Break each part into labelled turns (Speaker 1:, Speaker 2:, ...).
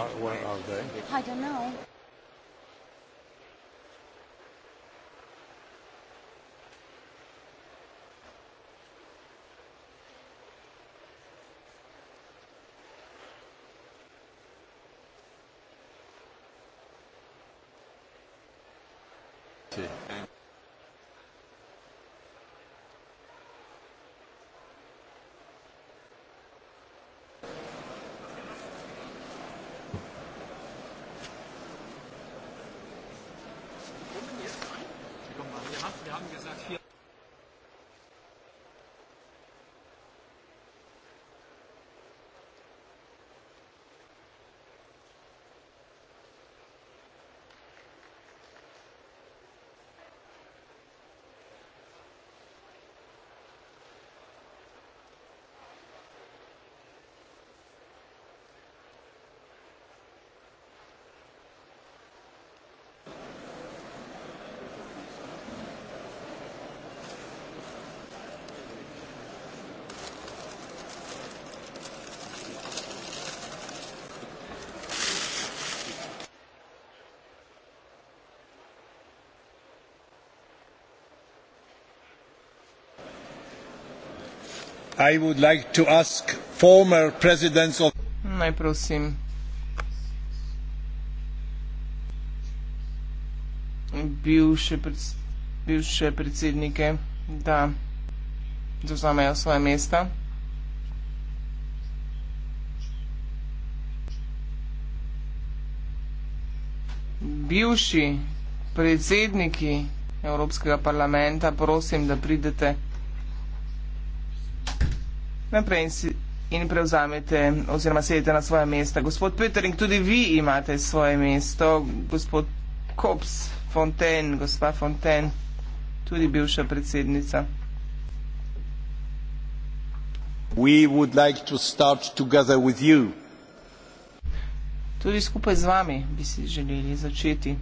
Speaker 1: what, where are they? I don't know.
Speaker 2: And
Speaker 3: Naj prosim bivše, bivše predsednike, da zauzamejo svoje mesta. Bivši predsedniki Evropskega parlamenta, prosim, da pridete naprej in, si, in prevzamete oziroma sedete na svoje mesta. Gospod Petering, tudi vi imate svoje mesto, gospod Kops Fonten, gospa Fonten, tudi bivša predsednica.
Speaker 4: We would like to start together with you.
Speaker 3: Tudi skupaj z vami bi si želeli začeti.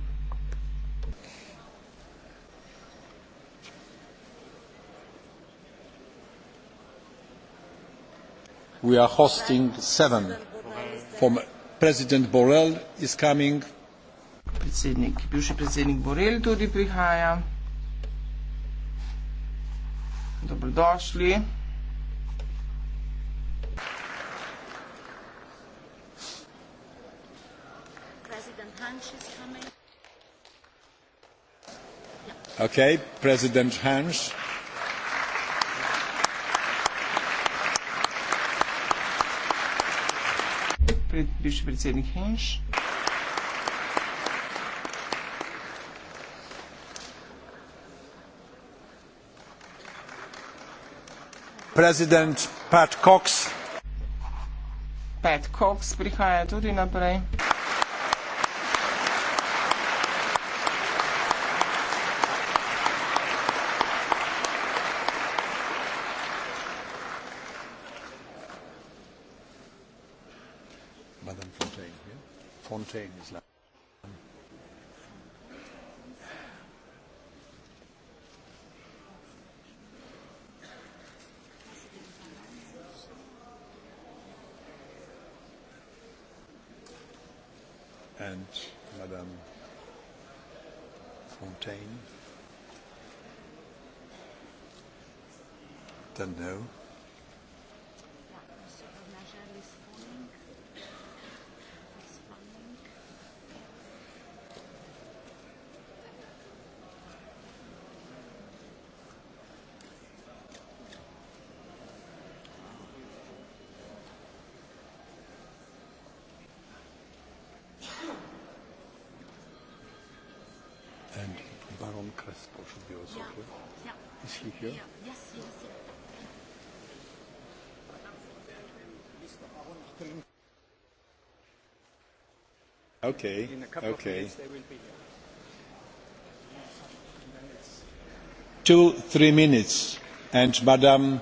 Speaker 2: we are hosting seven
Speaker 3: from president borrell is coming predsednik bivši predsednik borrell tudi prihaja dobrodošli
Speaker 2: Okay, President Hans.
Speaker 3: bivši predsednik Henš.
Speaker 2: President Pat Cox.
Speaker 3: Pat Cox prihaja tudi naprej.
Speaker 2: Okay. In a couple okay. of minutes they will be here. Two, three minutes. And
Speaker 3: madam.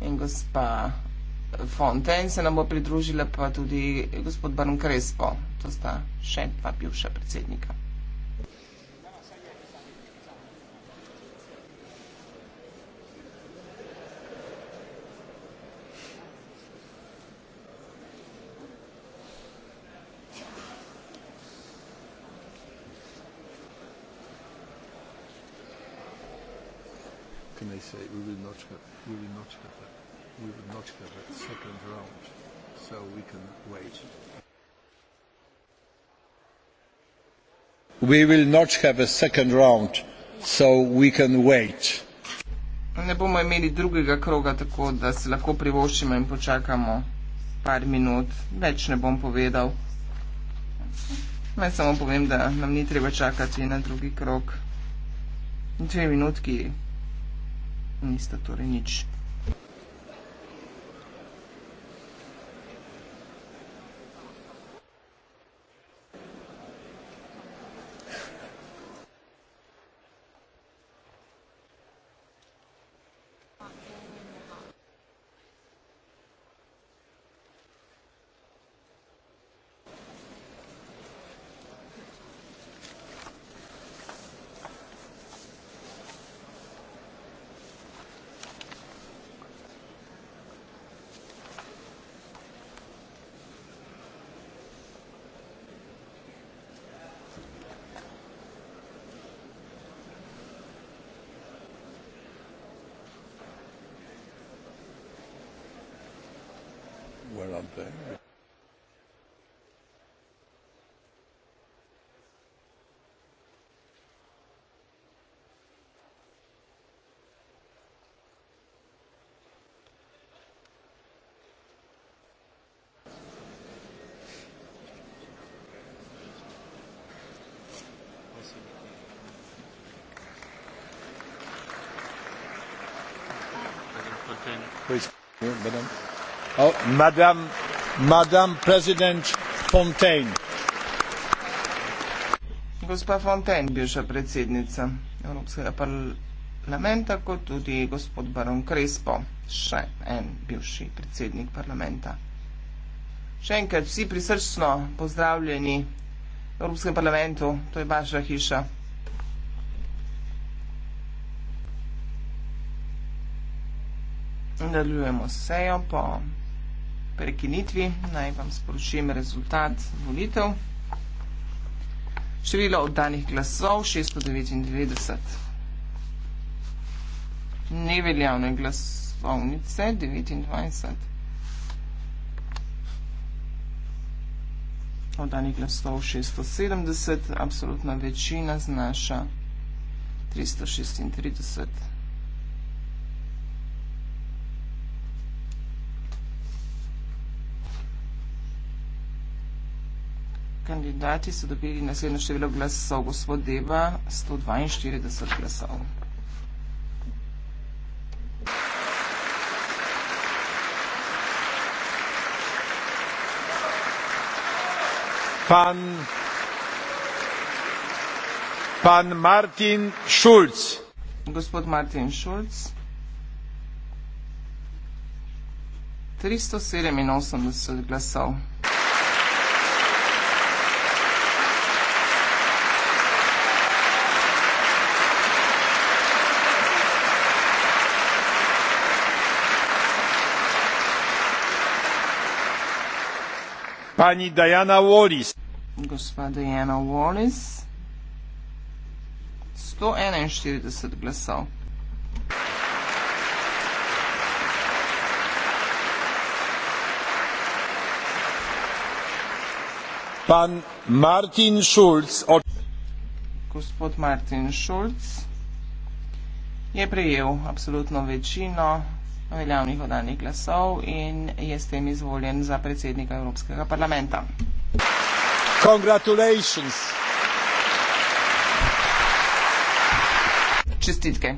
Speaker 3: In gospa Fontaine se nam bo pridružila, pa tudi gospod Barnkrespo, to sta še dva bivša predsednika.
Speaker 1: say we will not have we will not have a, we will not have a second round, so we can wait.
Speaker 3: We will not
Speaker 1: have a second round, so we can wait.
Speaker 3: Ne bomo imeli drugega kroga, tako da se lahko privoščimo in počakamo par minut. Več ne bom povedal. Naj samo povem, da nam ni treba čakati na drugi krog. Dve minutki niste torej nič Oh, Gospa Fontaine, bivša predsednica Evropskega parlamenta, kot tudi gospod Baron Crespo, še en bivši predsednik parlamenta. Še enkrat vsi prisrčno pozdravljeni v Evropskem parlamentu, to je vaša hiša. nadaljujemo sejo po prekinitvi. Naj vam sporočim rezultat volitev. Število oddanih glasov 699. Neveljavne glasovnice 29. Oddanih glasov 670. Absolutna večina znaša 336. kandidati so dobili naslednje število glasov. Gospod Deba, 142 glasov. Pan, pan Martin Schulz. Gospod Martin Schulz. 387 glasov. pani Diana Wallis. Gospa Diana Wallis, 141 glasov. Pan Martin Schulz. Gospod Martin Schulz je prejel absolutno večino veljavnih oddanih glasov in je s tem izvoljen za predsednika Evropskega parlamenta. Congratulations. Čestitke.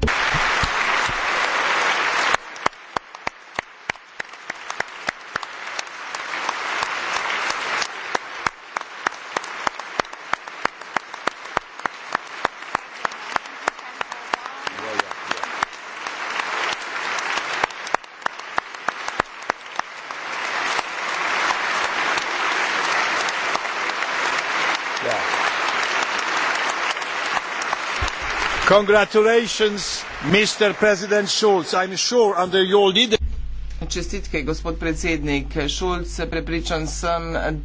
Speaker 3: Čestitke, gospod predsednik Šulc. Prepričan sem,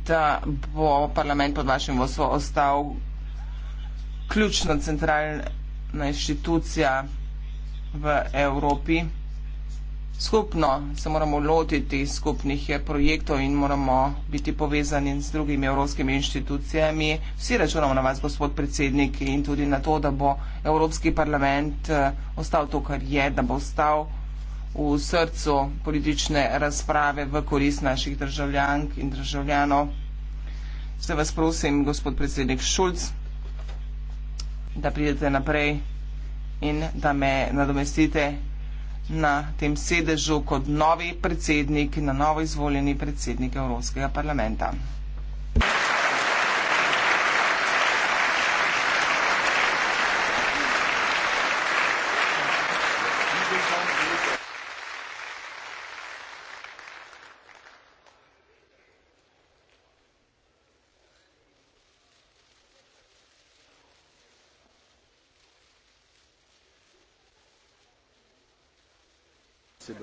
Speaker 3: da bo parlament pod vašim vodstvom ostal ključna centralna inštitucija v Evropi skupno, se moramo lotiti skupnih eh, projektov in moramo biti povezani z drugimi evropskimi inštitucijami. Vsi računamo na vas, gospod predsednik, in tudi na to, da bo Evropski parlament eh, ostal to, kar je, da bo ostal v srcu politične razprave v korist naših državljank in državljanov. Zdaj vas prosim, gospod predsednik Šulc, da pridete naprej in da me nadomestite na tem sedežu kot novi predsednik, na novo izvoljeni predsednik Evropskega parlamenta.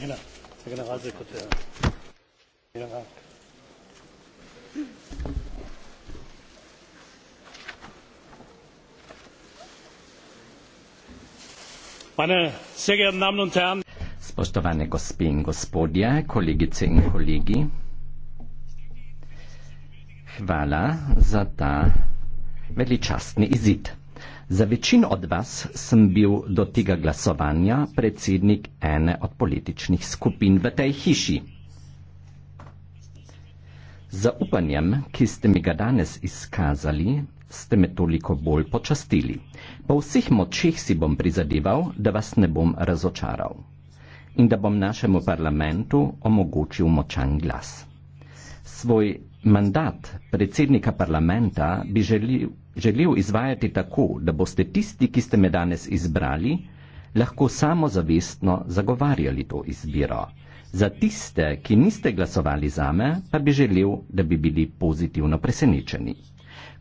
Speaker 1: Herr Generalsekretär. Vielen Dank.
Speaker 2: Meine sehr geehrten Damen und Herren, Spoštovane gospe in gospodje, kolegice in kolegi, hvala za ta veličastni izid. Za večino od vas sem bil do tega glasovanja predsednik ene od političnih skupin v tej hiši. Za upanjem, ki ste mi ga danes izkazali, ste me toliko bolj počastili. Po vseh močeh si bom prizadeval, da vas ne bom razočaral in da bom našemu parlamentu omogočil močan glas. Svoj mandat predsednika parlamenta bi želel želel izvajati tako, da boste tisti, ki ste me danes izbrali, lahko samozavestno zagovarjali to izbiro. Za tiste, ki niste glasovali za me, pa bi želel, da bi bili pozitivno presenečeni.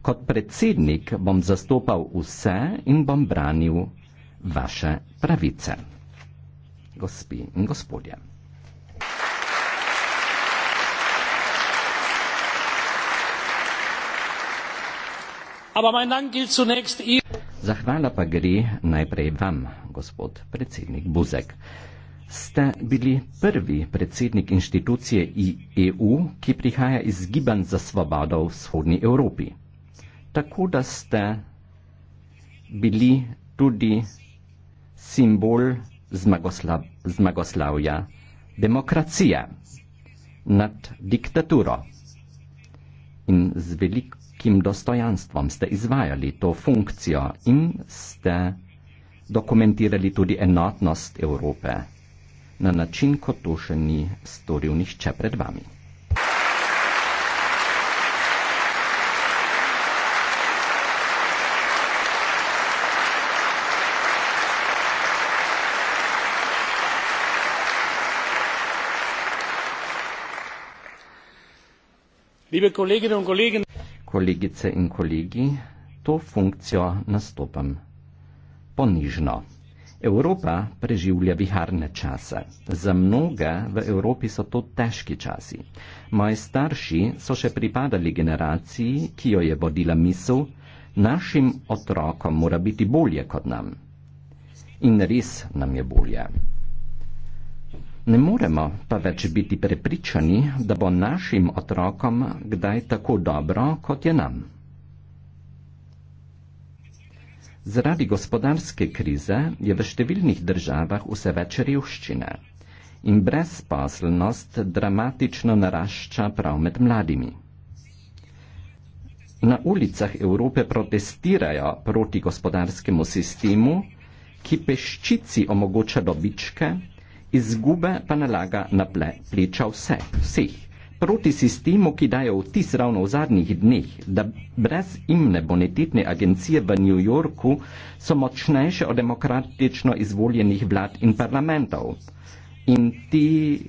Speaker 2: Kot predsednik bom zastopal vse in bom branil vaše pravice. Gospi in gospodje. Zahvala pa gre najprej vam, gospod predsednik Buzek. Ste bili prvi predsednik inštitucije EU, ki prihaja iz Giban za svobodo v vzhodni Evropi. Tako da ste bili tudi simbol zmagoslav zmagoslavja demokracije nad diktaturo. In z veliko kim dostojanstvom ste izvajali to funkcijo in ste dokumentirali tudi enotnost Evrope na način, kot to še ni storil nihče pred vami.
Speaker 4: Liebe Kolleginnen und Kollegen,
Speaker 2: kolegice in kolegi, to funkcijo nastopam ponižno. Evropa preživlja viharne čase. Za mnoge v Evropi so to težki časi. Moji starši so še pripadali generaciji, ki jo je vodila misel, našim otrokom mora biti bolje kot nam. In res nam je bolje. Ne moremo pa več biti prepričani, da bo našim otrokom kdaj tako dobro, kot je nam. Zaradi gospodarske krize je v številnih državah vse več revščine in brezposelnost dramatično narašča prav med mladimi. Na ulicah Evrope protestirajo proti gospodarskemu sistemu, ki peščici omogoča dobičke, izgube pa nalaga na ple, pleča vse, vseh. Proti sistemu, ki daje vtis ravno v zadnjih dneh, da brez imne bonitetne agencije v New Yorku so močnejše od demokratično izvoljenih vlad in parlamentov. In ti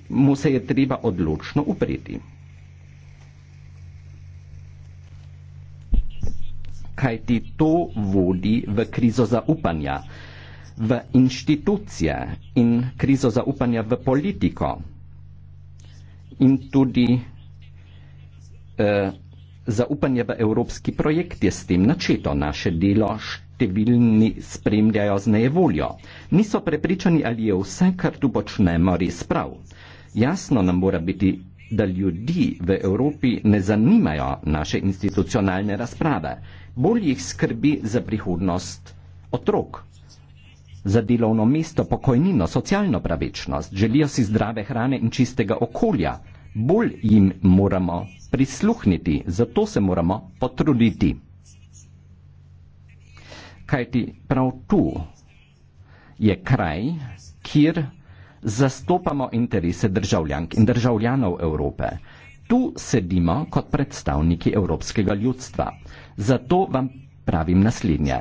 Speaker 2: mu se je treba odločno upreti. Kaj ti to vodi v krizo zaupanja? v inštitucije in krizo zaupanja v politiko in tudi eh, zaupanje v evropski projekt je s tem načeto naše delo številni spremljajo z nevoljo. Niso prepričani, ali je vse, kar tu počnemo, res prav. Jasno nam mora biti, da ljudi v Evropi ne zanimajo naše institucionalne razprave. Bolj jih skrbi za prihodnost otrok za delovno mesto, pokojnino, socialno pravičnost, želijo si zdrave hrane in čistega okolja. Bolj jim moramo prisluhniti, zato se moramo potruditi. Kaj ti prav tu je kraj, kjer zastopamo interese državljank in državljanov Evrope. Tu sedimo kot predstavniki evropskega ljudstva. Zato vam pravim naslednje.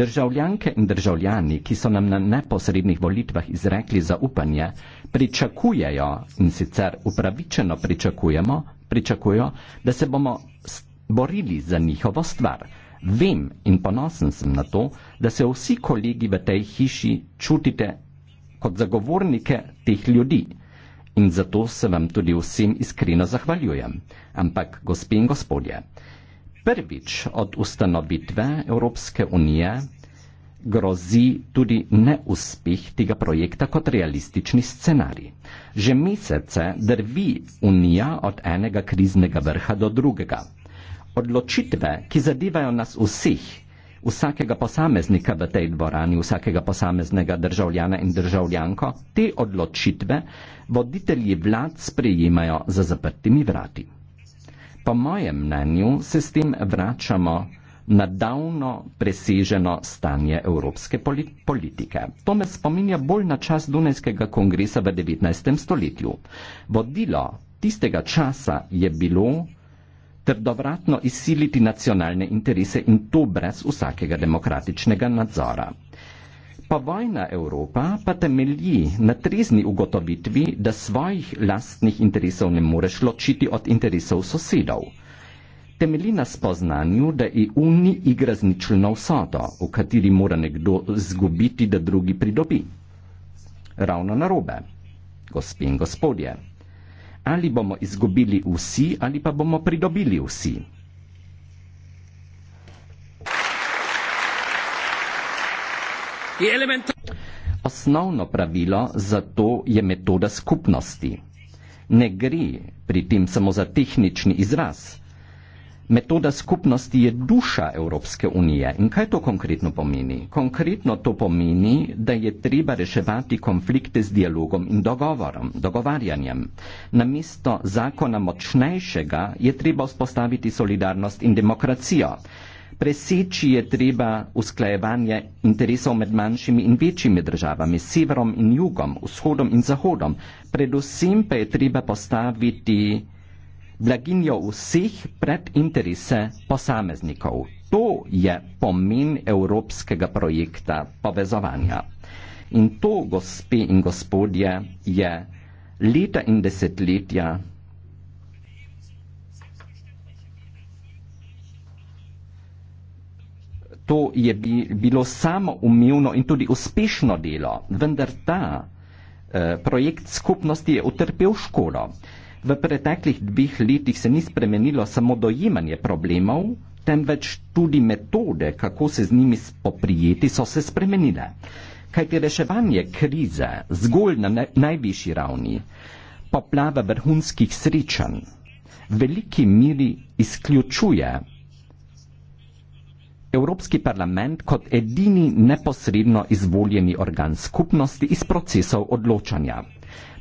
Speaker 2: Državljanke in državljani, ki so nam na neposrednih volitvah izrekli zaupanje, pričakujejo in sicer upravičeno pričakujemo, pričakujo, da se bomo borili za njihovo stvar. Vem in ponosen sem na to, da se vsi kolegi v tej hiši čutite kot zagovornike teh ljudi. In zato se vam tudi vsem iskreno zahvaljujem. Ampak, gospe in gospodje, prvič od ustanovitve Evropske unije grozi tudi neuspeh tega projekta kot realistični scenarij. Že mesece drvi Unija od enega kriznega vrha do drugega. Odločitve, ki zadevajo nas vseh, vsakega posameznika v tej dvorani, vsakega posameznega državljana in državljanko, te odločitve voditelji vlad sprejemajo za zaprtimi vrati. Po mojem mnenju se s tem vračamo na davno preseženo stanje evropske politike. To me spominja bolj na čas Dunajskega kongresa v 19. stoletju. Vodilo tistega časa je bilo trdovratno izsiliti nacionalne interese in to brez vsakega demokratičnega nadzora. Povojna Evropa pa temelji na trezni ugotovitvi, da svojih lastnih interesov ne moreš ločiti od interesov sosedov. Temelji na spoznanju, da EU ni igra z ničelno vsoto, v kateri mora nekdo zgubiti, da drugi pridobi. Ravno na robe, gospe in gospodje. Ali bomo izgubili vsi, ali pa bomo pridobili vsi. Osnovno pravilo za to je metoda skupnosti. Ne gre pri tem samo za tehnični izraz. Metoda skupnosti je duša Evropske unije. In kaj to konkretno pomeni? Konkretno to pomeni, da je treba reševati konflikte z dialogom in dogovorom, dogovarjanjem. Namesto zakona močnejšega je treba vzpostaviti solidarnost in demokracijo. Preseči je treba usklajevanje interesov med manjšimi in večjimi državami, severom in jugom, vzhodom in zahodom. Predvsem pa je treba postaviti blaginjo vseh pred interese posameznikov. To je pomen evropskega projekta povezovanja. In to, gospe in gospodje, je leta in desetletja to je bi, bilo samoumevno in tudi uspešno delo, vendar ta eh, projekt skupnosti je utrpel škodo. V preteklih dveh letih se ni spremenilo samo dojemanje problemov, temveč tudi metode, kako se z njimi spoprijeti, so se spremenile. Kaj ti reševanje krize zgolj na najvišji ravni, poplava vrhunskih srečanj, v veliki miri izključuje Evropski parlament kot edini neposredno izvoljeni organ skupnosti iz procesov odločanja.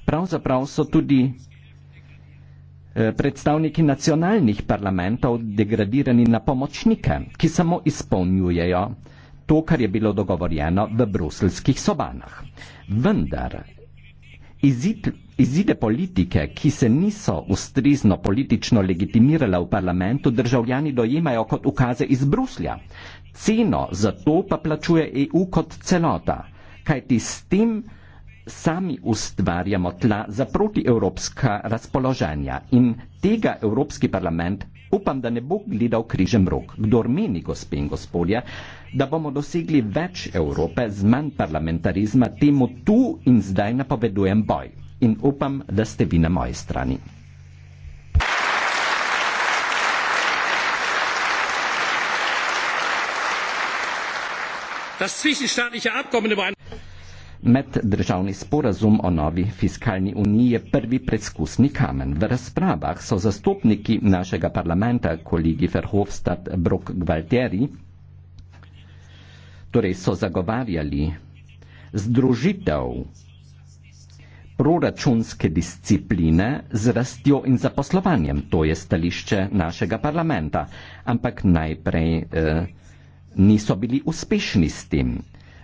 Speaker 2: Pravzaprav so tudi eh, predstavniki nacionalnih parlamentov degradirani na pomočnike, ki samo izpolnjujejo to, kar je bilo dogovorjeno v bruselskih sobanah. Vendar izid, izide politike, ki se niso ustrezno politično legitimirale v parlamentu, državljani dojemajo kot ukaze iz Bruslja. Ceno za to pa plačuje EU kot celota, kajti s tem sami ustvarjamo tla za protievropska razpoloženja in tega Evropski parlament upam, da ne bo gledal križem rok. Kdor meni, gospe in gospodje, da bomo dosegli več Evrope z manj parlamentarizma, temu tu in zdaj napovedujem boj. In upam, da ste vi na moji strani. Meddržavni sporazum o novi fiskalni uniji je prvi preizkusni kamen. V razpravah so zastopniki našega parlamenta, kolegi Verhofstadt, Brok Gvaltieri, torej so zagovarjali združitev proračunske discipline z rastjo in zaposlovanjem. To je stališče našega parlamenta. Ampak najprej eh, niso bili uspešni s tem.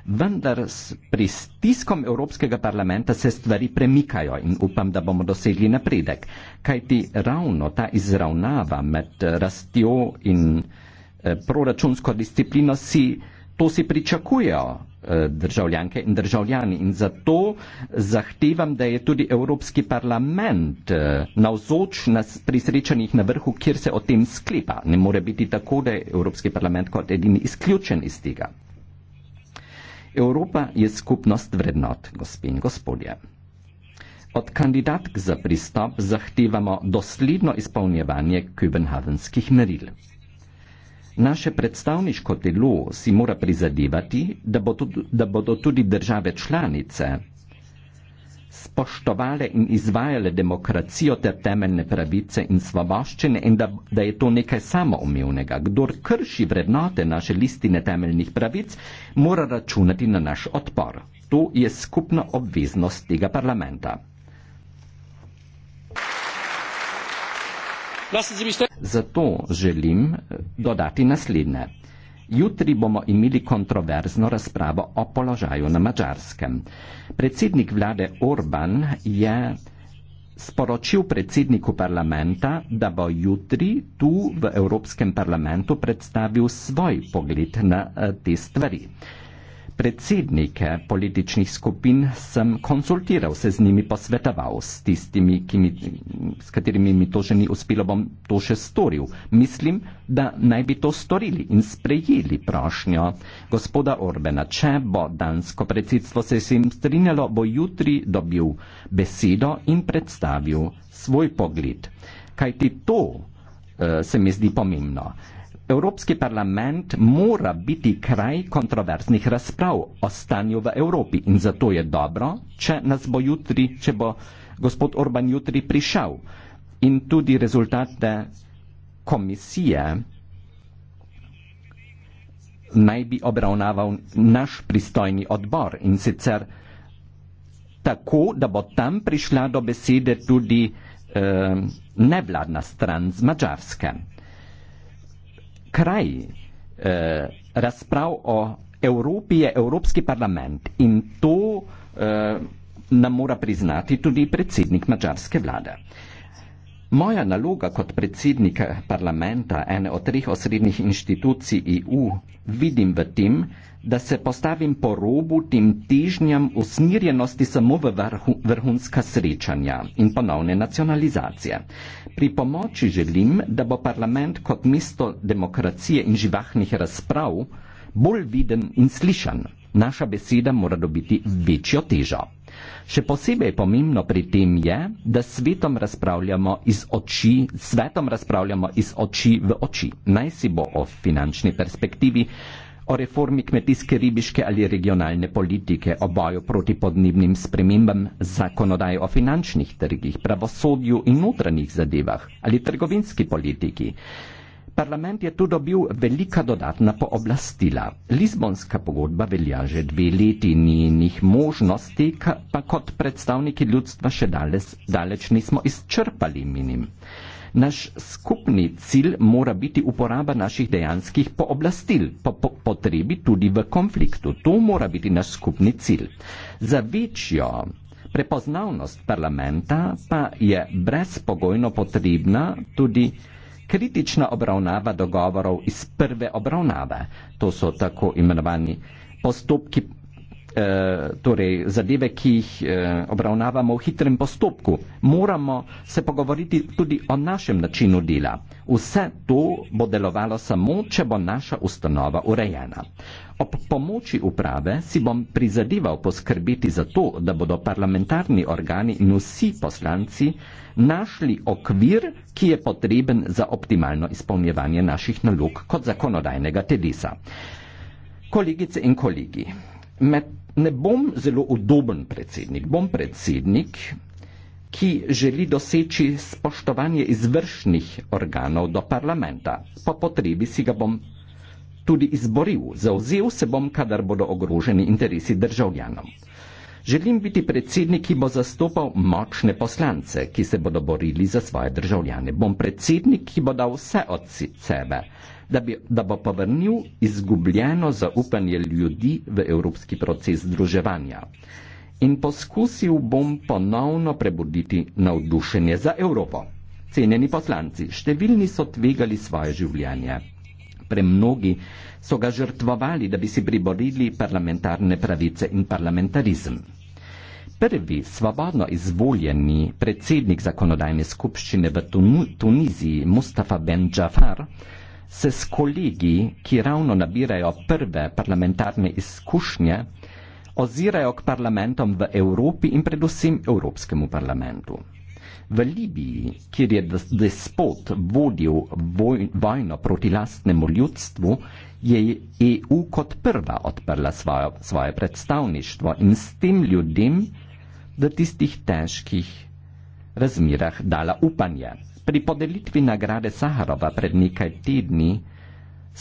Speaker 2: Vendar s pristiskom Evropskega parlamenta se stvari premikajo in upam, da bomo dosegli napredek. Kaj ti ravno ta izravnava med rastjo in eh, proračunsko disciplino si eh, to si pričakujejo eh, državljanke in državljani. In zato zahtevam, da je tudi Evropski parlament eh, navzoč na prisrečanjih na vrhu, kjer se o tem sklepa. Ne more biti tako, da je Evropski parlament kot edini izključen iz tega. Evropa je skupnost vrednot, gospod in gospodje. Od kandidatk za pristop zahtevamo dosledno izpolnjevanje kubenhavenskih meril. Naše predstavniško telo si mora prizadevati, da, bo da bodo tudi države članice spoštovale in izvajale demokracijo ter temeljne pravice in svoboščine in da, da je to nekaj samoumevnega. Kdor krši vrednote naše listine temeljnih pravic, mora računati na naš odpor. To je skupna obveznost tega parlamenta. Zato želim dodati naslednje. Jutri bomo imeli kontroverzno razpravo o položaju na Mačarskem. Predsednik vlade Orban je sporočil predsedniku parlamenta, da bo jutri tu v Evropskem parlamentu predstavil svoj pogled na eh, te stvari predsednike političnih skupin sem konsultiral, se z njimi posvetoval, s tistimi, mi, s katerimi mi to še ni uspelo, bom to še storil. Mislim, da naj bi to storili in sprejeli prošnjo gospoda Orbena. Če bo dansko predsedstvo se s tem strinjalo, bo jutri dobil besedo in predstavil svoj pogled. Kaj ti to uh, se mi zdi pomembno? Uh, Evropski parlament mora biti kraj kontroverznih razprav o stanju v Evropi in zato je dobro, če nas bo jutri, če bo gospod Orban jutri prišel in tudi rezultate komisije naj bi obravnaval naš pristojni odbor in sicer tako, da bo tam prišla do besede tudi eh, nevladna stran z Mačarske kraj eh, razprav o Evropi je Evropski parlament in to eh, nam mora priznati tudi predsednik mačarske vlade. Moja naloga kot predsednika parlamenta, ene od treh osrednjih inštitucij EU, vidim v tem, da se postavim po robu tem težnjam usmirjenosti samo v vrhu, vrhunska srečanja in ponovne nacionalizacije. Pri pomoči želim, da bo parlament kot mesto demokracije in živahnih razprav bolj viden in slišan. Naša beseda mora dobiti večjo težo. Še posebej pomembno pri tem je, da svetom razpravljamo iz oči, svetom razpravljamo iz oči v oči. Naj si bo o finančni perspektivi, o reformi kmetijske, ribiške ali regionalne politike, o boju proti podnebnim spremembam, zakonodaji o finančnih trgih, pravosodju in notranjih zadevah ali trgovinski politiki. Parlament je tu dobil velika dodatna pooblastila. Lizbonska pogodba velja že dve leti in njenih možnosti, pa kot predstavniki ljudstva še dales, daleč nismo izčrpali minim naš skupni cilj mora biti uporaba naših dejanskih pooblastil, po, po potrebi tudi v konfliktu. To mora biti naš skupni cilj. Za večjo prepoznavnost parlamenta pa je brezpogojno potrebna tudi kritična obravnava dogovorov iz prve obravnave. To so tako imenovani postopki Eh, torej zadeve, ki jih eh, obravnavamo v hitrem postopku. Moramo se pogovoriti tudi o našem načinu dela. Vse to bo delovalo samo, če bo naša ustanova urejena. Ob pomoči uprave si bom prizadeval poskrbeti za to, da bodo parlamentarni organi in vsi poslanci našli okvir, ki je potreben za optimalno izpolnjevanje naših nalog kot zakonodajnega telesa. Kolegice in kolegi, Med, ne bom zelo udoben predsednik, bom predsednik, ki želi doseči spoštovanje izvršnih organov do parlamenta. Po potrebi si ga bom tudi izboril. Zauzel se bom, kadar bodo ogroženi interesi državljanom. Želim biti predsednik, ki bo zastopal močne poslance, ki se bodo borili za svoje državljane. Bom predsednik, ki bo dal vse od sebe, da, bi, da bo povrnil izgubljeno zaupanje ljudi v evropski proces združevanja. In poskusil bom ponovno prebuditi navdušenje za Evropo. Cenjeni poslanci, številni so tvegali svoje življenje. Premnogi so ga žrtvovali, da bi si priborili parlamentarne pravice in parlamentarizem. Prvi svobodno izvoljeni predsednik zakonodajne skupščine v Tuniziji Mustafa Ben Džafar se s kolegi, ki ravno nabirajo prve parlamentarne izkušnje, ozirajo k parlamentom v Evropi in predvsem Evropskemu parlamentu. V Libiji, kjer je despot vodil vojno proti lastnemu ljudstvu, je EU kot prva odprla svojo, svoje predstavništvo in s tem ljudem v tistih težkih razmerah dala upanje. Pri podelitvi nagrade Saharova pred nekaj tedni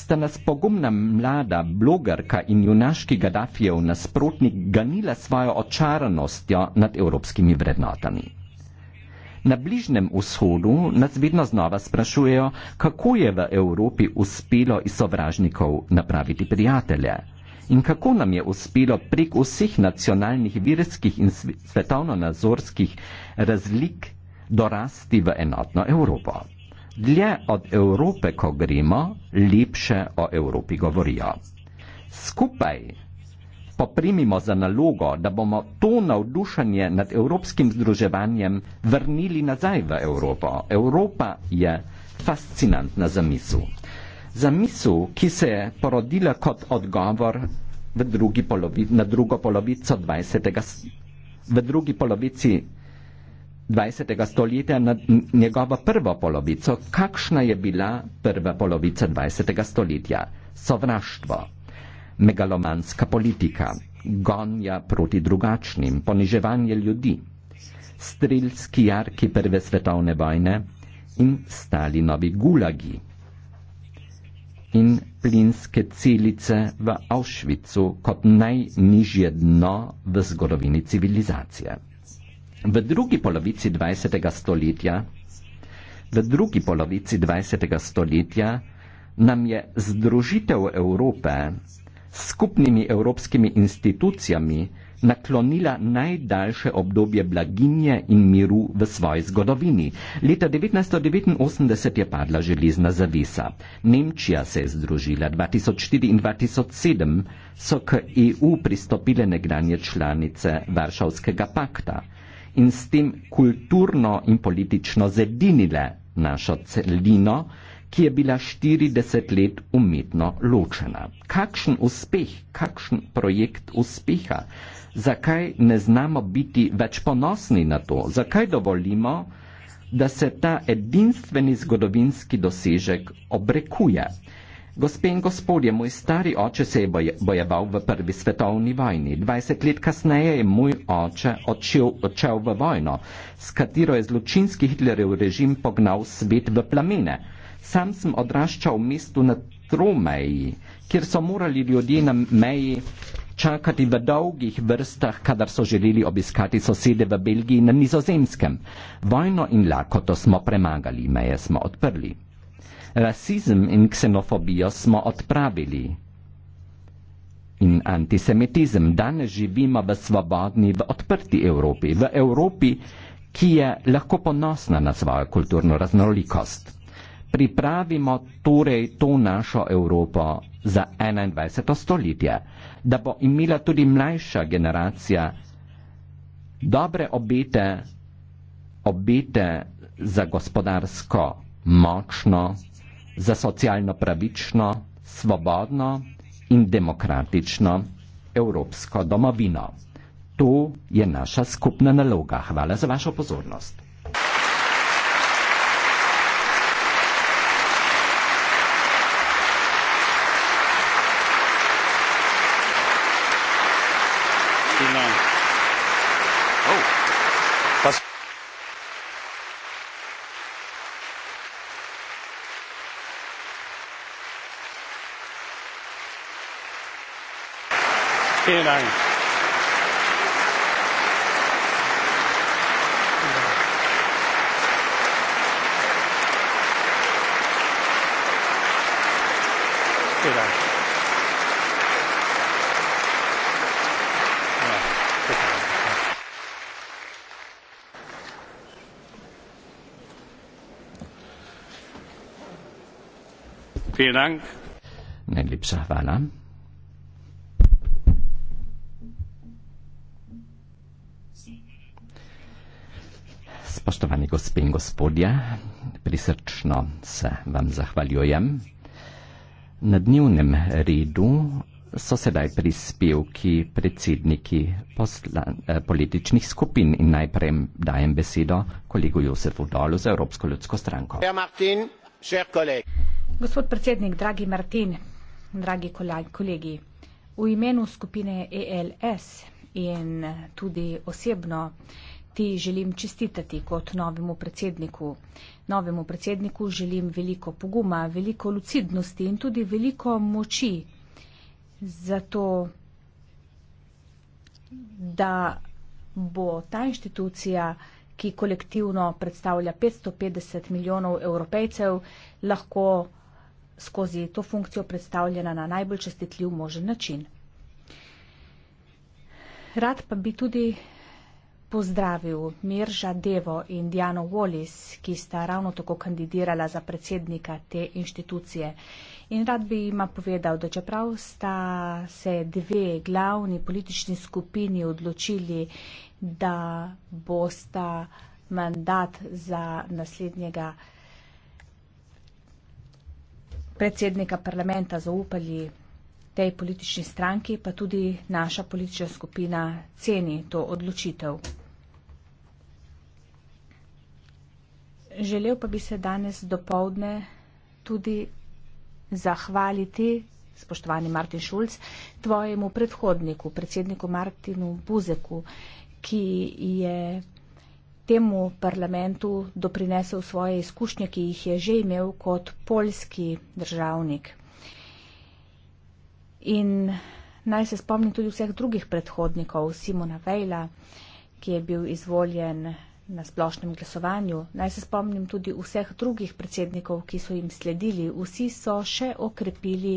Speaker 2: sta nas pogumna mlada blogerka in junaški Gaddafijev nasprotnik ganila svojo očaranostjo nad evropskimi vrednotami. Na Bližnem vzhodu nas vedno znova sprašujejo, kako je v Evropi uspelo iz sovražnikov napraviti prijatelje in kako nam je uspelo prek vseh nacionalnih virskih in svetovno-nazorskih razlik dorasti v enotno Evropo. Dlje od Evrope, ko gremo, lepše o Evropi govorijo. Skupaj poprimimo za nalogo, da bomo to navdušanje nad evropskim združevanjem vrnili nazaj v Evropo. Evropa je fascinantna za misel. Za misel, ki se je porodila kot odgovor v drugi polovici 20. stoletja. V drugi polovici 20. stoletja na njegovo prvo polovico. Kakšna je bila prva polovica 20. stoletja? Sovraštvo, megalomanska politika, gonja proti drugačnim, poniževanje ljudi, strelski jarki prve svetovne vojne in Stalinovi gulagi in plinske celice v Auschwitzu kot najnižje dno v zgodovini civilizacije. V drugi polovici 20. stoletja, v drugi polovici 20. stoletja nam je združitev Evrope s skupnimi evropskimi institucijami naklonila najdaljše obdobje blaginje in miru v svoji zgodovini. Leta 1989 je padla železna zavisa. Nemčija se je združila. 2004 in 2007 so k EU pristopile nekdanje članice Varšavskega pakta in s tem kulturno in politično zedinile našo celino, ki je bila 40 let umetno ločena. Kakšen uspeh, kakšen projekt uspeha? Zakaj ne znamo biti več ponosni na to? Zakaj dovolimo, da se ta edinstveni zgodovinski dosežek obrekuje? Gospe in gospodje, moj stari oče se je bojeval v prvi svetovni vojni. 20 let kasneje je moj oče odšel, odšel v vojno, s katero je zločinski Hitlerjev režim pognal svet v plamene. Sam sem odraščal v mestu na Tromeji, kjer so morali ljudje na meji čakati v dolgih vrstah, kadar so želeli obiskati sosede v Belgiji in na Nizozemskem. Vojno in lakoto smo premagali, meje smo odprli rasizem in ksenofobijo smo odpravili. In antisemitizem. Danes živimo v svobodni, v odprti Evropi. V Evropi, ki je lahko ponosna na svojo kulturno raznolikost. Pripravimo torej to našo Evropo za 21. stoletje, da bo imela tudi mlajša generacija dobre obete, obete za gospodarsko močno za socialno pravično, svobodno in demokratično evropsko domovino. To je naša skupna naloga. Hvala za vašo pozornost.
Speaker 1: Vielen Dank.
Speaker 4: Vielen Dank.
Speaker 3: Vielen Dank.
Speaker 2: Najlepša hvala. gospe in gospodje, prisrčno se vam zahvaljujem. Na dnevnem redu so sedaj prispevki predsedniki eh, političnih skupin in najprej dajem besedo kolegu Josefu Dolu za Evropsko ljudsko stranko. Ja, Martin,
Speaker 1: Gospod predsednik, dragi Martin, dragi kolegi, v imenu skupine ELS in tudi osebno, ti želim čestitati kot novemu predsedniku. Novemu predsedniku želim veliko poguma, veliko lucidnosti in tudi veliko moči za to, da bo ta inštitucija, ki kolektivno predstavlja 550 milijonov evropejcev, lahko skozi to funkcijo predstavljena na najbolj čestitljiv možen način. Rad pa bi tudi pozdravil Mirža Devo in Diano Wallis, ki sta ravno tako kandidirala za predsednika te inštitucije. In rad bi jima povedal, da čeprav sta se dve glavni politični skupini odločili, da bosta mandat za naslednjega predsednika parlamenta zaupali tej politični stranki, pa tudi naša politična skupina ceni to odločitev. Želel pa bi se danes dopovdne tudi zahvaliti, spoštovani Martin Šulc, tvojemu predhodniku, predsedniku Martinu Buzeku, ki je temu parlamentu doprinesel svoje izkušnje, ki jih je že imel kot polski državnik. In naj se spomni tudi vseh drugih predhodnikov Simona Vejla, ki je bil izvoljen na splošnem glasovanju. Naj se spomnim tudi vseh drugih predsednikov, ki so jim sledili. Vsi so še okrepili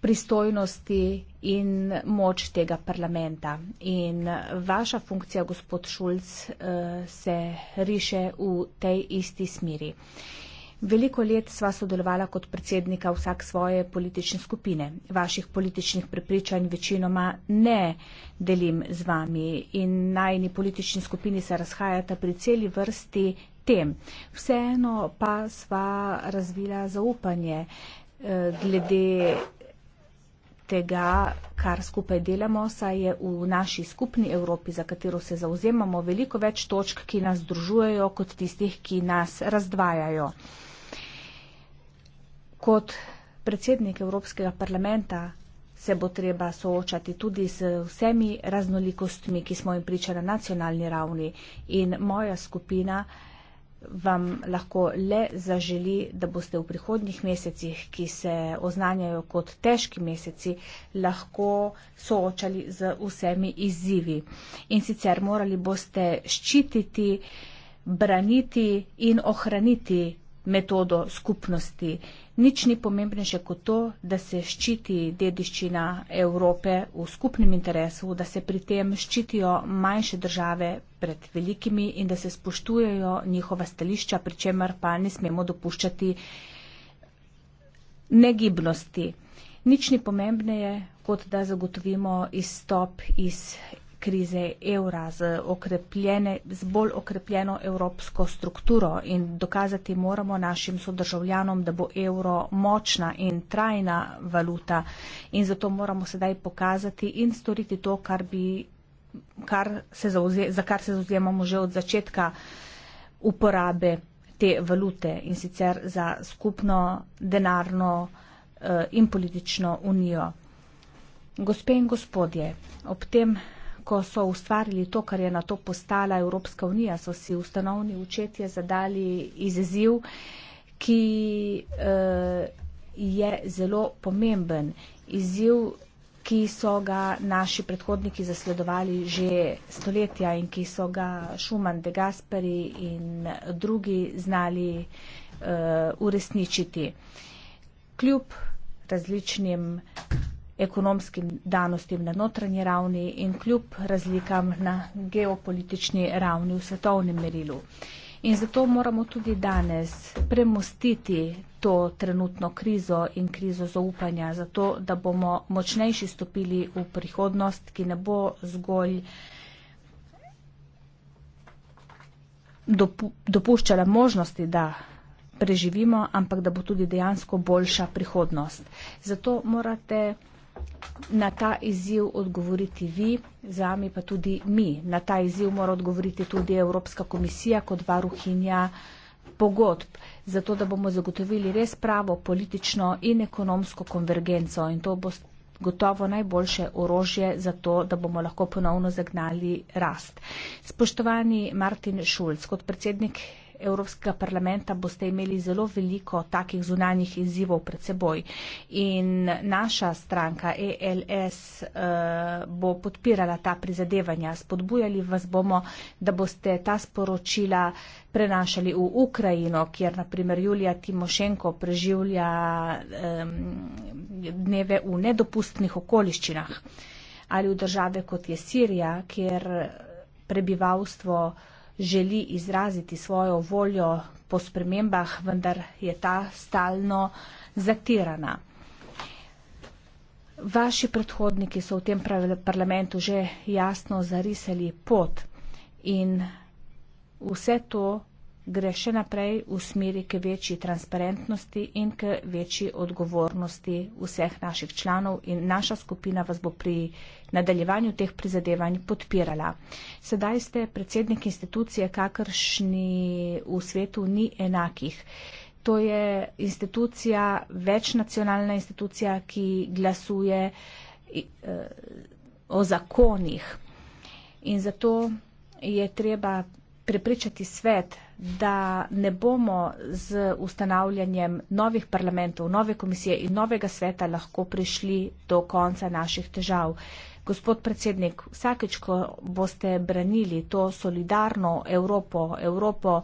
Speaker 1: pristojnosti in moč tega parlamenta. In vaša funkcija, gospod Šulc, eh, se riše v tej isti smeri. Veliko let sva sodelovala kot predsednika vsak svoje politične skupine. Vaših političnih prepričanj večinoma ne delim z vami in najni politični skupini se razhajata pri celi vrsti tem. Vseeno pa sva razvila zaupanje eh, glede tega, kar skupaj delamo, saj je v naši skupni Evropi, za katero se zauzemamo, veliko več točk, ki nas združujejo, kot tistih, ki nas razdvajajo kot predsednik Evropskega parlamenta se bo treba soočati tudi z vsemi raznolikostmi, ki smo jim priča na nacionalni ravni. In moja skupina vam lahko le zaželi, da boste v prihodnjih mesecih, ki se oznanjajo kot težki meseci, lahko soočali z vsemi izzivi. In sicer morali boste ščititi, braniti in ohraniti metodo skupnosti. Nič ni pomembnejše kot to, da se ščiti dediščina Evrope v skupnem interesu, da se pri tem ščitijo manjše države pred velikimi in da se spoštujejo njihova stališča, pri čemer pa ne smemo dopuščati negibnosti. Nič ni pomembneje, kot da zagotovimo izstop iz krize evra, z, z bolj okrepljeno evropsko strukturo in dokazati moramo našim sodržavljanom, da bo evro močna in trajna valuta in zato moramo sedaj pokazati in storiti to, kar bi, kar se zauze, za kar se zauzemamo že od začetka uporabe te valute in sicer za skupno denarno eh, in politično unijo. Gospe in gospodje, ob tem ko so ustvarili to, kar je na to postala Evropska unija, so si ustanovni učetje zadali izziv, ki eh, je zelo pomemben. Izziv, ki so ga naši predhodniki zasledovali že stoletja in ki so ga Šuman, De Gasperi in drugi znali eh, uresničiti. Kljub različnim ekonomskim danostim na notranji ravni in kljub razlikam na geopolitični ravni v svetovnem merilu. In zato moramo tudi danes premostiti to trenutno krizo in krizo zaupanja, zato da bomo močnejši stopili v prihodnost, ki ne bo zgolj dopuščala možnosti, da preživimo, ampak da bo tudi dejansko boljša prihodnost. Zato morate na ta izziv odgovoriti vi, zami pa tudi mi. Na ta izziv mora odgovoriti tudi Evropska komisija kot varuhinja pogodb, zato da bomo zagotovili res pravo politično in ekonomsko konvergenco in to bo gotovo najboljše orožje za to, da bomo lahko ponovno zagnali rast. Spoštovani Martin Šulc, kot predsednik Evropskega parlamenta boste imeli zelo veliko takih zunanjih izzivov pred seboj. In naša stranka ELS eh, bo podpirala ta prizadevanja, spodbujali vas bomo, da boste ta sporočila prenašali v Ukrajino, kjer naprimer Julija Timošenko preživlja eh, dneve v nedopustnih okoliščinah ali v države kot je Sirija, kjer prebivalstvo želi izraziti svojo voljo po spremembah, vendar je ta stalno zatirana. Vaši predhodniki so v tem parlamentu že jasno zarisali pot in vse to gre še naprej v smeri k večji transparentnosti in k večji odgovornosti vseh naših članov in naša skupina vas bo pri nadaljevanju teh prizadevanj podpirala. Sedaj ste predsednik institucije, kakršni v svetu ni enakih. To je institucija, večnacionalna institucija, ki glasuje eh, o zakonih. In zato je treba prepričati svet, da ne bomo z ustanavljanjem novih parlamentov, nove komisije in novega sveta lahko prišli do konca naših težav. Gospod predsednik, vsakeč, ko boste branili to solidarno Evropo, Evropo,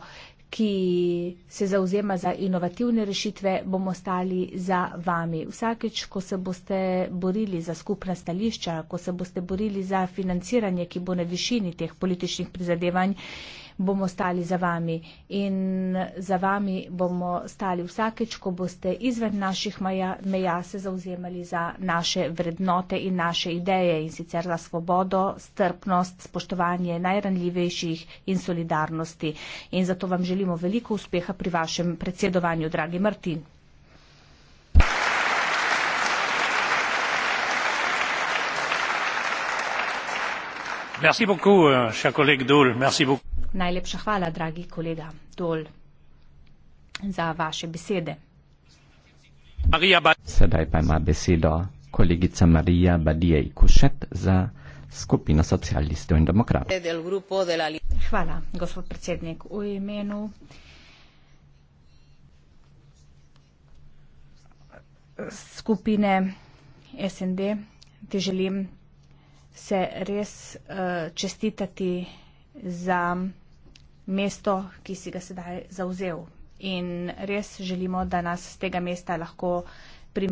Speaker 1: ki se zauzema za inovativne rešitve, bomo stali za vami. Vsakeč, ko se boste borili za skupna stališča, ko se boste borili za financiranje, ki bo na višini teh političnih prizadevanj, bomo stali za vami in za vami bomo stali vsakeč, ko boste izven naših meja, meja se zauzemali za naše vrednote in naše ideje in sicer za svobodo, strpnost, spoštovanje najranljivejših in solidarnosti. In zato vam želimo veliko uspeha pri vašem predsedovanju, dragi Martin. Merci beaucoup, euh, cher collègue Doul. Merci beaucoup. Najlepša hvala, dragi kolega Dol, za vaše besede.
Speaker 2: Sedaj pa ima besedo kolegica Marija Badijej Kušet za skupino socialistov in demokratov.
Speaker 1: Hvala, gospod predsednik. V imenu skupine SND ti želim se res uh, čestitati za mesto, ki si ga sedaj zauzel. In res želimo, da nas z tega mesta lahko pri,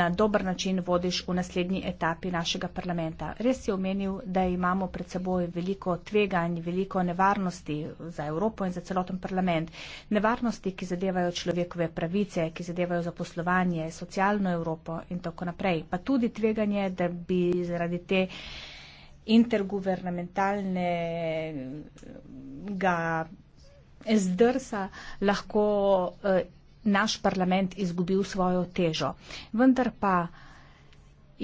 Speaker 1: na dober način vodiš v naslednji etapi našega parlamenta. Res si omenil, da imamo pred seboj veliko tveganj, veliko nevarnosti za Evropo in za celoten parlament. Nevarnosti, ki zadevajo človekove pravice, ki zadevajo zaposlovanje, socialno Evropo in tako naprej. Pa tudi tveganje, da bi zaradi te intergovernamentalnega zdrsa lahko eh, naš parlament izgubil svojo težo. Vendar pa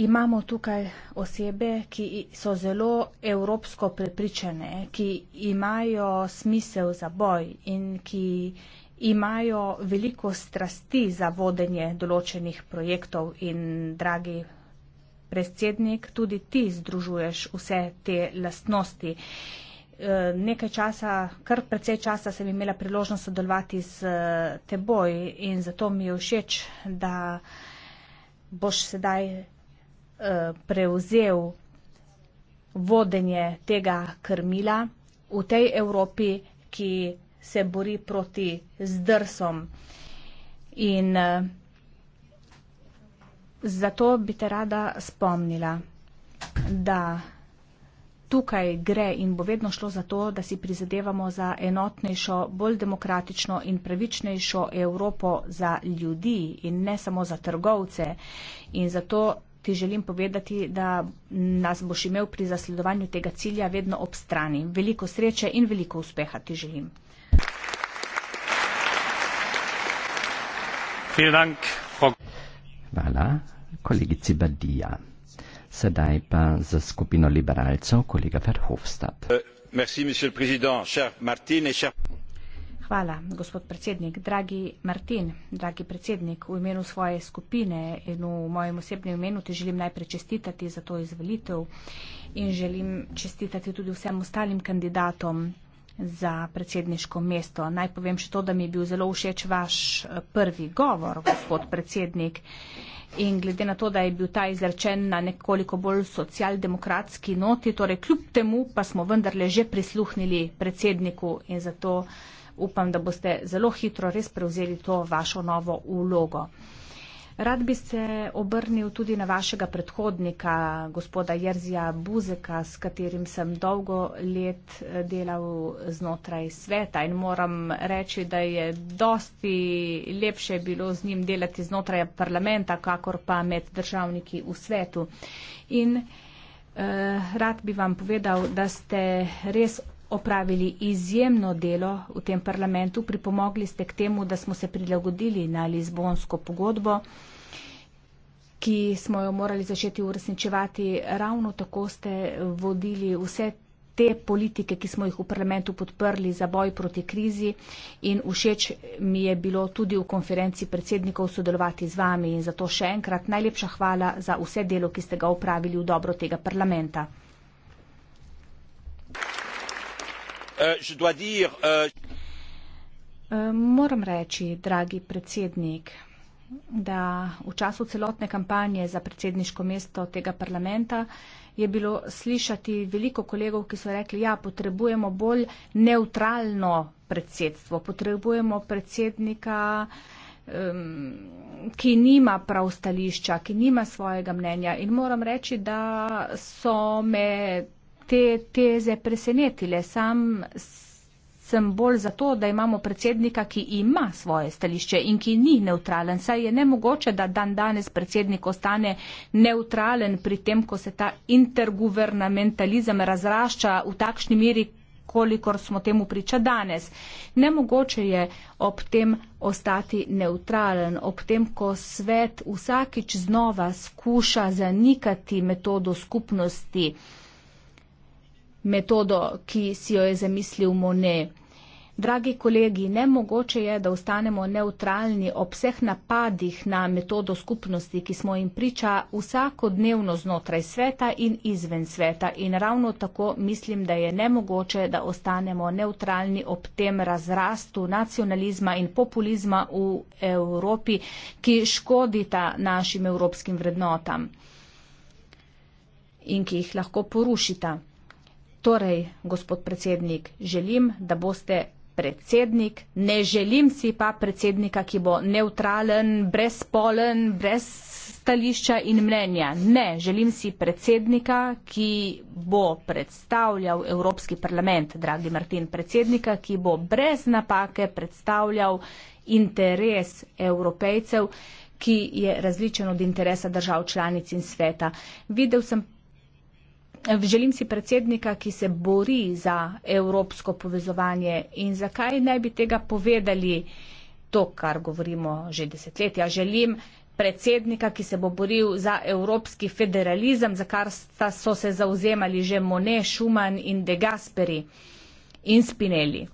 Speaker 1: imamo tukaj osebe, ki so zelo evropsko prepričane, ki imajo smisel za boj in ki imajo veliko strasti za vodenje določenih projektov in, dragi predsednik, tudi ti združuješ vse te lastnosti. E, nekaj časa, kar precej časa sem imela priložnost sodelovati z e, teboj in zato mi je všeč, da boš sedaj e, prevzel vodenje tega krmila v tej Evropi, ki se bori proti zdrsom. In uh, Zato bi te rada spomnila, da tukaj gre in bo vedno šlo za to, da si prizadevamo za enotnejšo, bolj demokratično in pravičnejšo Evropo za ljudi in ne samo za trgovce. In zato ti želim povedati, da nas boš imel pri zasledovanju tega cilja vedno ob strani. Veliko sreče in veliko uspeha ti želim.
Speaker 2: Vielen Dank, Frau Hvala, kolegici Badija. Sedaj pa za skupino liberalcev, kolega Verhofstadt. Eh,
Speaker 4: merci, monsieur le président, cher Martin et cher.
Speaker 1: Hvala, gospod predsednik. Dragi Martin, dragi predsednik, v imenu svoje skupine in v mojem osebnem imenu ti želim najprej čestitati za to izvolitev in želim čestitati tudi vsem ostalim kandidatom, za predsedniško mesto. Naj povem še to, da mi je bil zelo všeč vaš eh, prvi govor, gospod predsednik. In glede na to, da je bil ta izrečen na nekoliko bolj socialdemokratski noti, torej kljub temu pa smo vendarle že prisluhnili predsedniku in zato upam, da boste zelo hitro res prevzeli to vašo novo vlogo. Rad bi se obrnil tudi na vašega predhodnika, gospoda Jerzija Buzeka, s katerim sem dolgo let eh, delal znotraj sveta in moram reči, da je dosti lepše bilo z njim delati znotraj parlamenta, kakor pa med državniki v svetu. In eh, rad bi vam povedal, da ste res opravili izjemno delo v tem parlamentu, pripomogli ste k temu, da smo se prilagodili na Lizbonsko pogodbo, ki smo jo morali začeti uresničevati. Ravno tako ste vodili vse te politike, ki smo jih v parlamentu podprli za boj proti krizi in všeč mi je bilo tudi v konferenci predsednikov sodelovati z vami in zato še enkrat najlepša hvala za vse delo, ki ste ga upravili v dobro tega parlamenta.
Speaker 4: Euh, je dois dire euh,
Speaker 1: eh, Moram reči, dragi predsednik, da v času celotne kampanje za predsedniško mesto tega parlamenta je bilo slišati veliko kolegov, ki so rekli, ja, potrebujemo bolj neutralno predsedstvo, potrebujemo predsednika, ki nima prav stališča, ki nima svojega mnenja. In moram reči, da so me te teze presenetile. Sam sem bolj zato, da imamo predsednika, ki ima svoje stališče in ki ni neutralen. Saj je nemogoče, da dan danes predsednik ostane neutralen pri tem, ko se ta intergovernamentalizem razrašča v takšni miri, kolikor smo temu priča danes. Nemogoče je ob tem ostati neutralen, ob tem, ko svet vsakič znova skuša zanikati metodo skupnosti metodo, ki si jo je zamislil Monet. Dragi kolegi, nemogoče je, da ostanemo neutralni ob vseh napadih na metodo skupnosti, ki smo jim priča vsakodnevno znotraj sveta in izven sveta. In ravno tako mislim, da je nemogoče, da ostanemo neutralni ob tem razrastu nacionalizma in populizma v Evropi, ki škodita našim evropskim vrednotam in ki jih lahko porušita. Torej, gospod predsednik, želim, da boste predsednik. Ne želim si pa predsednika, ki bo neutralen, brezpolen, brez stališča in mnenja. Ne, želim si predsednika, ki bo predstavljal Evropski parlament, dragi Martin, predsednika, ki bo brez napake predstavljal interes evropejcev, ki je različen od interesa držav članic in sveta. Videl sem Želim si predsednika, ki se bori za evropsko povezovanje in zakaj ne bi tega povedali to, kar govorimo že desetletja. Želim predsednika, ki se bo boril za evropski federalizem, za kar sta, so se zauzemali že Monet, Schumann in De Gasperi in Spinelli.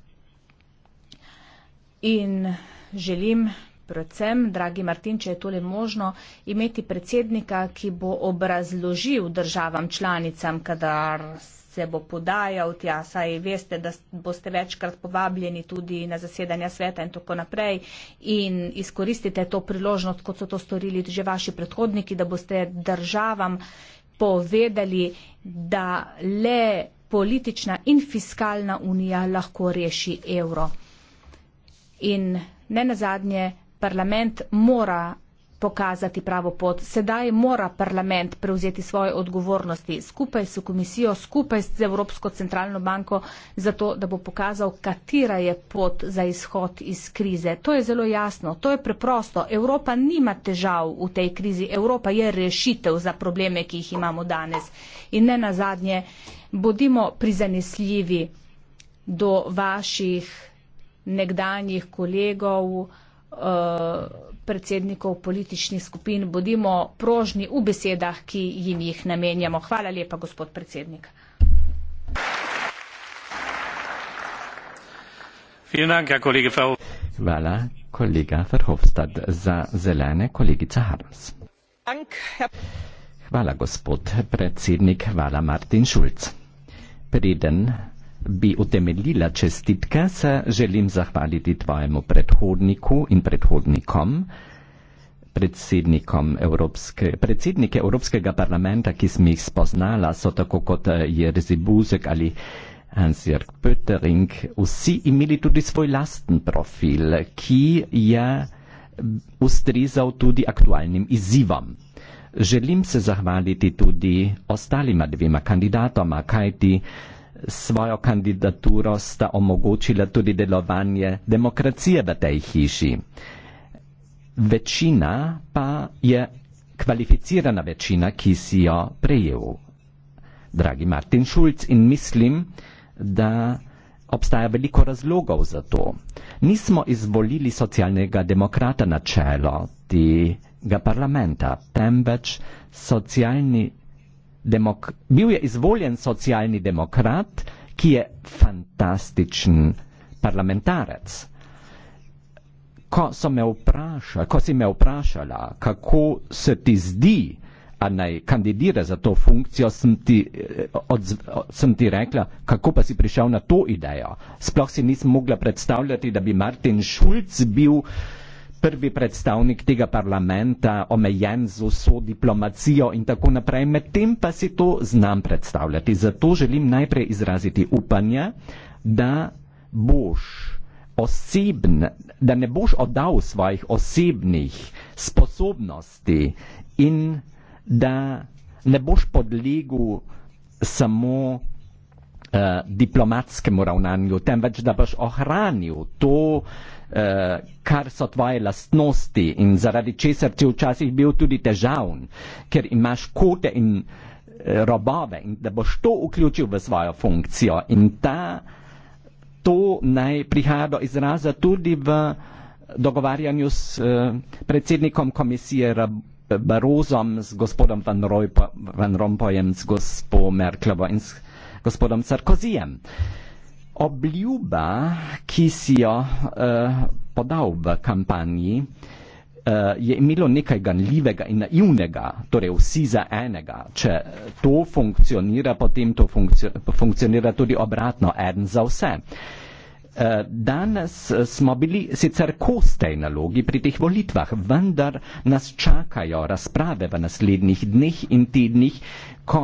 Speaker 1: In želim predvsem, dragi Martin, če je tole možno, imeti predsednika, ki bo obrazložil državam članicam, kadar se bo podajal tja, saj veste, da boste večkrat povabljeni tudi na zasedanja sveta in tako naprej in izkoristite to priložnost, kot so to storili že vaši predhodniki, da boste državam povedali, da le politična in fiskalna unija lahko reši evro. In ne nazadnje, parlament mora pokazati pravo pot. Sedaj mora parlament prevzeti svoje odgovornosti skupaj s komisijo, skupaj z Evropsko centralno banko, zato da bo pokazal, katera je pot za izhod iz krize. To je zelo jasno, to je preprosto. Evropa nima težav v tej krizi, Evropa je rešitev za probleme, ki jih imamo danes. In ne nazadnje, bodimo prizanesljivi do vaših nekdanjih kolegov, Eh, predsednikov političnih skupin. Bodimo prožni v besedah, ki jim jih namenjamo. Hvala lepa, gospod predsednik.
Speaker 2: Hvala, kolega Verhofstadt. Za zelene kolegica Harms. Hvala, gospod predsednik. Hvala, Martin Šulc. Preden bi utemeljila čestitke, se želim zahvaliti tvojemu predhodniku in predhodnikom, predsednikom Evropske, predsednike Evropskega parlamenta, ki smo jih spoznala, so tako kot eh, Jerzy Buzek ali Hans-Jörg Pöttering, vsi imeli tudi svoj lasten profil, ki je ustrezal tudi aktualnim izzivom. Želim se zahvaliti tudi ostalima dvema kandidatoma, kajti svojo kandidaturo sta omogočila tudi delovanje demokracije v tej hiši. Večina pa je kvalificirana večina, ki si jo prejel, dragi Martin Šulc, in mislim, da obstaja veliko razlogov za to. Nismo izvolili socialnega demokrata na čelo tega parlamenta, temveč socialni demok bil je izvoljen socialni demokrat, ki je fantastičen parlamentarec. Ko, so me vpraša, ko si me vprašala, kako se ti zdi, a naj kandidira za to funkcijo, sem ti, eh, odzv, sem ti rekla, kako pa si prišel na to idejo. Sploh si nisem mogla predstavljati, da bi Martin Šulc bil uh, prvi predstavnik tega parlamenta, omejen z vso diplomacijo in tako naprej, medtem pa si to znam predstavljati. Zato želim najprej izraziti upanje, da boš oseben, da ne boš oddal svojih osebnih sposobnosti in da ne boš podlegu samo uh, diplomatskemu ravnanju, temveč da boš ohranil to, Eh, kar so tvoje lastnosti in zaradi česar si včasih bil tudi težavn, ker imaš kote in eh, robove in da boš to vključil v svojo funkcijo. In ta, to naj prihaja do izraza tudi v dogovarjanju s eh, predsednikom komisije Barozom, s gospodom Van, Rojpo, Van Rompojem, s gospodom Merklovo in s gospodom Sarkozijem. Uh, obljuba, ki si jo uh, podal v kampanji, uh, je imelo nekaj ganljivega in naivnega, torej vsi za enega. Če to funkcionira, potem to funkcio funkcionira tudi obratno, en za vse. Eh, danes smo bili sicer kos tej nalogi pri teh volitvah, vendar nas čakajo razprave v naslednjih dneh in tednih, ko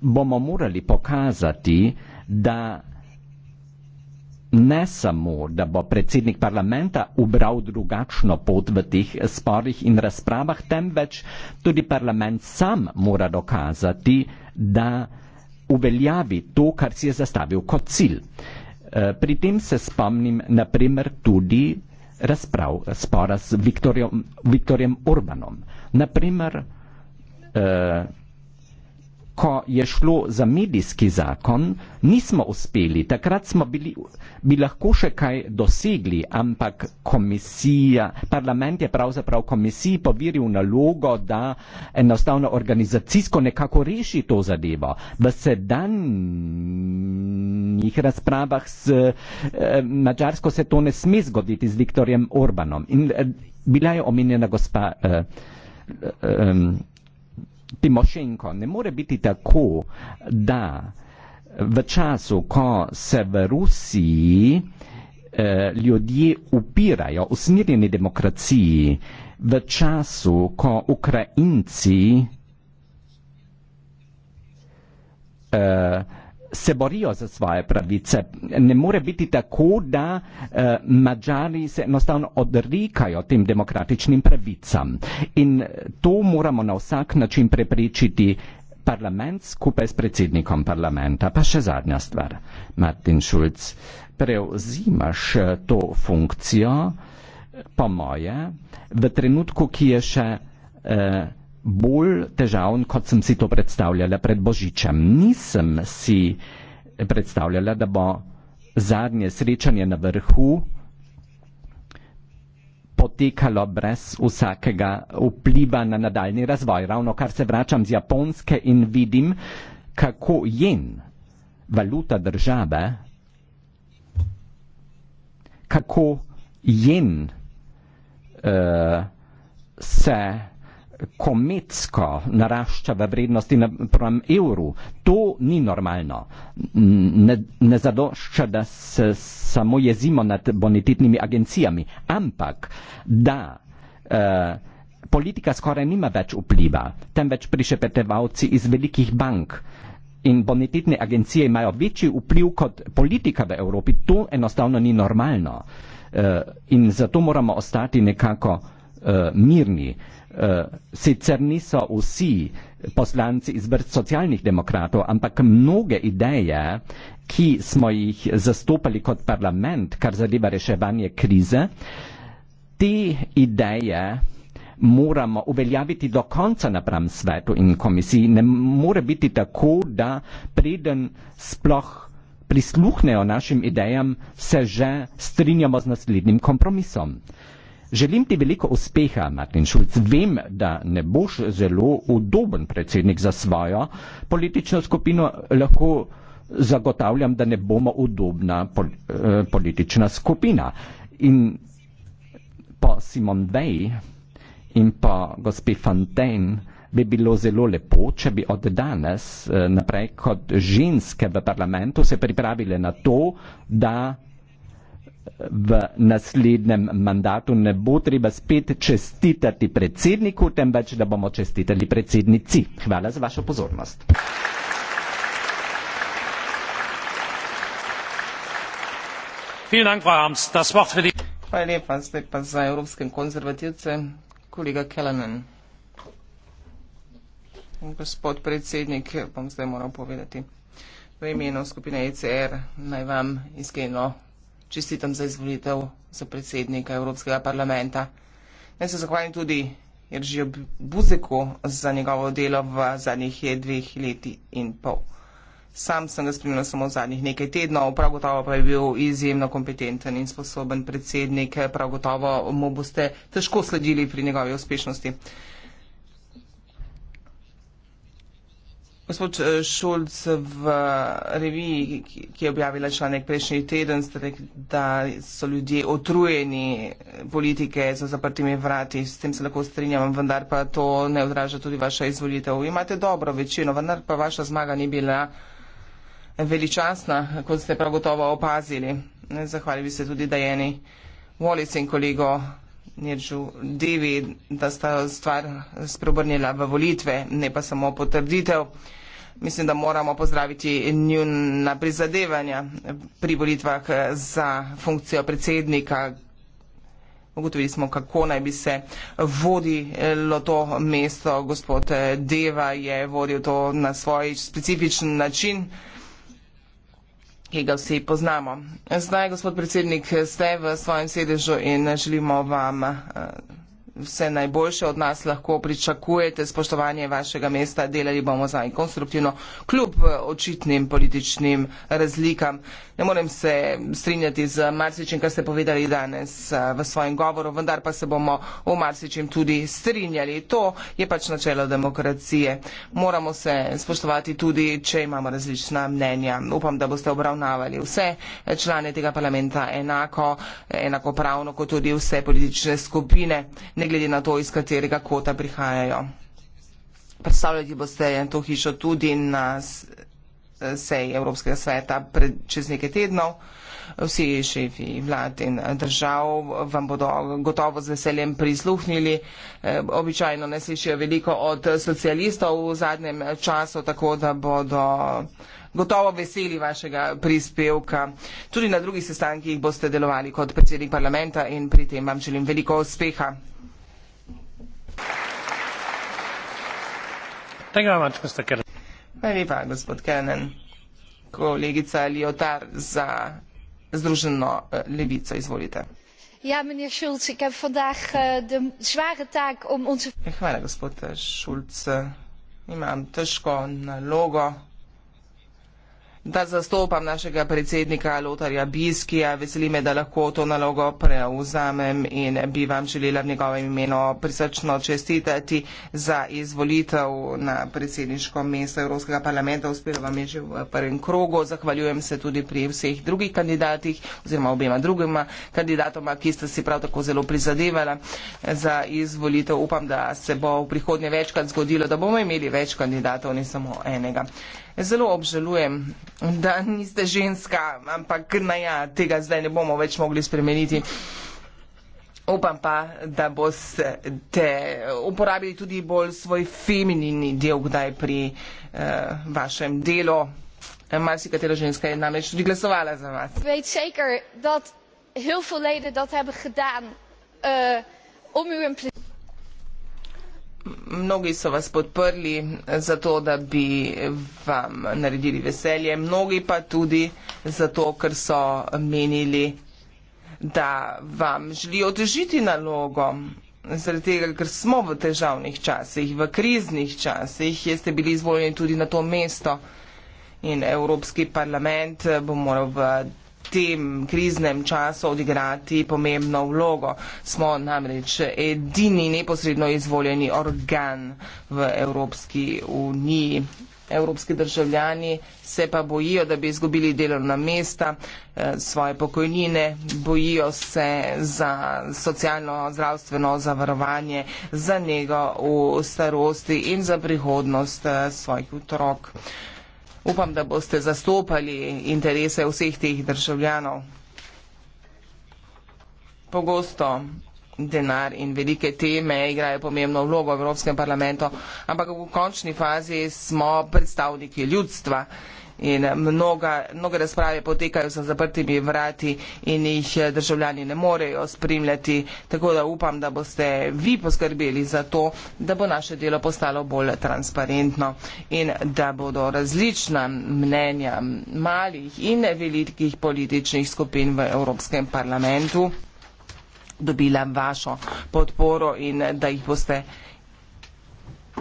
Speaker 2: bomo morali pokazati, da ne samo, da bo predsednik parlamenta ubral drugačno pot v teh sporih in razpravah, temveč tudi parlament sam mora dokazati, da uveljavi to, kar si je zastavil kot cilj. Eh, pri tem se spomnim naprimer tudi razprav spora s Viktorjem Orbanom. Naprimer, eh, ko je šlo za medijski zakon, nismo uspeli, takrat smo bili, bi lahko še kaj dosegli, ampak komisija, parlament je pravzaprav komisiji poviril nalogo, da enostavno organizacijsko nekako reši to zadevo. V sedanjih razpravah s eh, Mačarsko se to ne sme zgoditi z Viktorjem Orbanom. In eh, bila je omenjena gospa. Eh, eh, eh Timošenko, ne more biti tako, da v času, ko se v Rusiji eh, ljudje upirajo usmirjeni demokraciji, v času, ko Ukrajinci eh, se borijo za svoje pravice. Ne more biti tako, da uh, eh, Mačari se enostavno odrikajo tem demokratičnim pravicam. In eh, to moramo na vsak način preprečiti parlament skupaj s predsednikom parlamenta. Pa še zadnja stvar. Martin Šulc, prevzimaš eh, to funkcijo, po moje, v trenutku, ki je še uh, bolj težavn, kot sem si to predstavljala pred Božičem. Nisem si predstavljala, da bo zadnje srečanje na vrhu potekalo brez vsakega vpliva na nadaljni razvoj. Ravno kar se vračam z Japonske in vidim, kako jen valuta države, kako jen uh, se kometsko narašča v vrednosti na prvem evru. To ni normalno. Ne, ne zadošča, da se samo jezimo nad bonititnimi agencijami, ampak da eh, politika skoraj nima več vpliva, temveč prišepetevalci iz velikih bank in bonititne agencije imajo večji vpliv kot politika v Evropi. To enostavno ni normalno. Eh, in zato moramo ostati nekako eh, mirni. Eh, uh, sicer niso vsi poslanci iz vrst socialnih demokratov, ampak mnoge ideje, ki smo jih zastopali kot parlament, kar zadeva reševanje krize, te ideje moramo uveljaviti do konca napram svetu in komisiji. Ne more biti tako, da preden sploh prisluhnejo našim idejam, se že strinjamo z naslednjim kompromisom. Želim ti veliko uspeha, Martin Šulc. Vem, da ne boš zelo udoben predsednik za svojo politično skupino. Lahko zagotavljam, da ne bomo udobna eh, politična skupina. In po Simon Vej in po gospe Fontaine bi bilo zelo lepo, če bi od danes eh, naprej kot ženske v parlamentu se pripravile na to, da v naslednjem mandatu ne bo treba spet čestitati predsedniku, temveč da bomo čestitali predsednici. Hvala za vašo pozornost.
Speaker 3: Hvala lepa, zdaj pa za evropske konzervativce, kolega Kellanen. Gospod predsednik, bom zdaj moral povedati v imenu skupine ECR, naj vam iskreno čestitam za izvolitev za predsednika Evropskega parlamenta. Naj se zahvalim tudi Jeržiju Buzeku za njegovo delo v zadnjih dveh leti in pol. Sam sem ga spremljal samo v zadnjih nekaj tednov, prav gotovo pa je bil izjemno kompetenten in sposoben predsednik, prav gotovo mu boste težko sledili pri njegovi uspešnosti. Gospod eh, Šulc, v reviji, ki je objavila članek prejšnji teden, ste rekli, da so ljudje otrujeni politike za zaprtimi vrati. S tem se lahko strinjam, vendar pa to ne odraža tudi vaša izvolitev. Imate dobro večino, vendar pa vaša zmaga ni bila veličasna, kot ste prav gotovo opazili. Zahvalili se tudi Dajeni Volic in kolego Nirču Devi, da sta stvar spreobrnila v volitve, ne pa samo potrditev mislim, da moramo pozdraviti njuna prizadevanja pri volitvah za funkcijo predsednika. Ugotovili smo, kako naj bi se vodilo to mesto. Gospod Deva je vodil to na svoj specifičen način, ki ga vsi poznamo. Zdaj, gospod predsednik, ste v svojem sedežu in želimo vam. Uh, vse najboljše od nas lahko pričakujete, spoštovanje vašega mesta, delali bomo za in konstruktivno, kljub eh, očitnim političnim razlikam. Ne morem se strinjati z marsičim, kar ste povedali danes eh, v svojem govoru, vendar pa se bomo o marsičim tudi strinjali. To je pač načelo demokracije. Moramo se spoštovati tudi, če imamo različna mnenja. Upam, da boste obravnavali vse eh, člane tega parlamenta enako, eh, enakopravno, kot tudi vse politične skupine, ne glede na to, iz katerega kota prihajajo. Predstavljati boste to hišo tudi na sej Evropskega sveta pred, čez nekaj tednov. Vsi šefi vlad in držav vam bodo gotovo z veseljem prisluhnili. Eh, običajno ne slišijo veliko od socialistov v zadnjem času, tako da bodo gotovo veseli vašega prispevka. Tudi na drugih sestankih boste delovali kot predsednik parlamenta in pri tem vam želim veliko uspeha. Thank you very much, Mr. Kerr. Very fine, gospod Kenen. Kolegica Liotar za Združeno eh, Levico, izvolite.
Speaker 1: Ja, meneer Schulz, ik heb vandaag eh, de zware taak om onze... Ja,
Speaker 3: hvala, gospod eh, Schulz. Imam težko nalogo da zastopam našega predsednika Lotarja Biskija. Veseli me, da lahko to nalogo preuzamem in bi vam želela v njegovem imenu prisrčno čestitati za izvolitev na predsedniško mesto Evropskega parlamenta. Uspelo vam je že v prvem krogu. Zahvaljujem se tudi pri vseh drugih kandidatih oziroma obema drugima kandidatoma, ki ste si prav tako zelo prizadevala za izvolitev. Upam, da se bo v prihodnje večkrat zgodilo, da bomo imeli več kandidatov, ne samo enega. Zelo obžalujem, da niste ženska, ampak naja, tega zdaj ne bomo več mogli spremeniti. Upam pa, da boste uporabili tudi bolj svoj feminini del kdaj pri uh, vašem delu. Marsikatera ženska je namreč tudi glasovala za vas.
Speaker 1: Veste, zagotovo, da veliko ljudi to je naredilo, da bi vam omogočili.
Speaker 3: Mnogi so vas podprli zato, da bi vam naredili veselje, mnogi pa tudi zato, ker so menili, da vam želijo otežiti nalogo. Zaradi tega, ker smo v težavnih časih, v kriznih časih, jeste bili izvoljeni tudi na to mesto in Evropski parlament bo moral v tem kriznem času odigrati pomembno vlogo. Smo namreč edini neposredno izvoljeni organ v Evropski uniji. Evropski državljani se pa bojijo, da bi izgubili delovna mesta, eh, svoje pokojnine, bojijo se za socialno zdravstveno zavarovanje, za njega v starosti in za prihodnost eh, svojih otrok. Upam, da boste zastopali interese vseh teh državljanov. Pogosto denar in velike teme igrajo pomembno vlogo v Evropskem parlamentu, ampak v končni fazi smo predstavniki ljudstva in mnoga, mnoge razprave potekajo za zaprtimi vrati in jih državljani ne morejo spremljati. Tako da upam, da boste vi poskrbeli za to, da bo naše delo postalo bolj transparentno in da bodo različna mnenja malih in velikih političnih skupin v Evropskem parlamentu dobila vašo podporo in da jih boste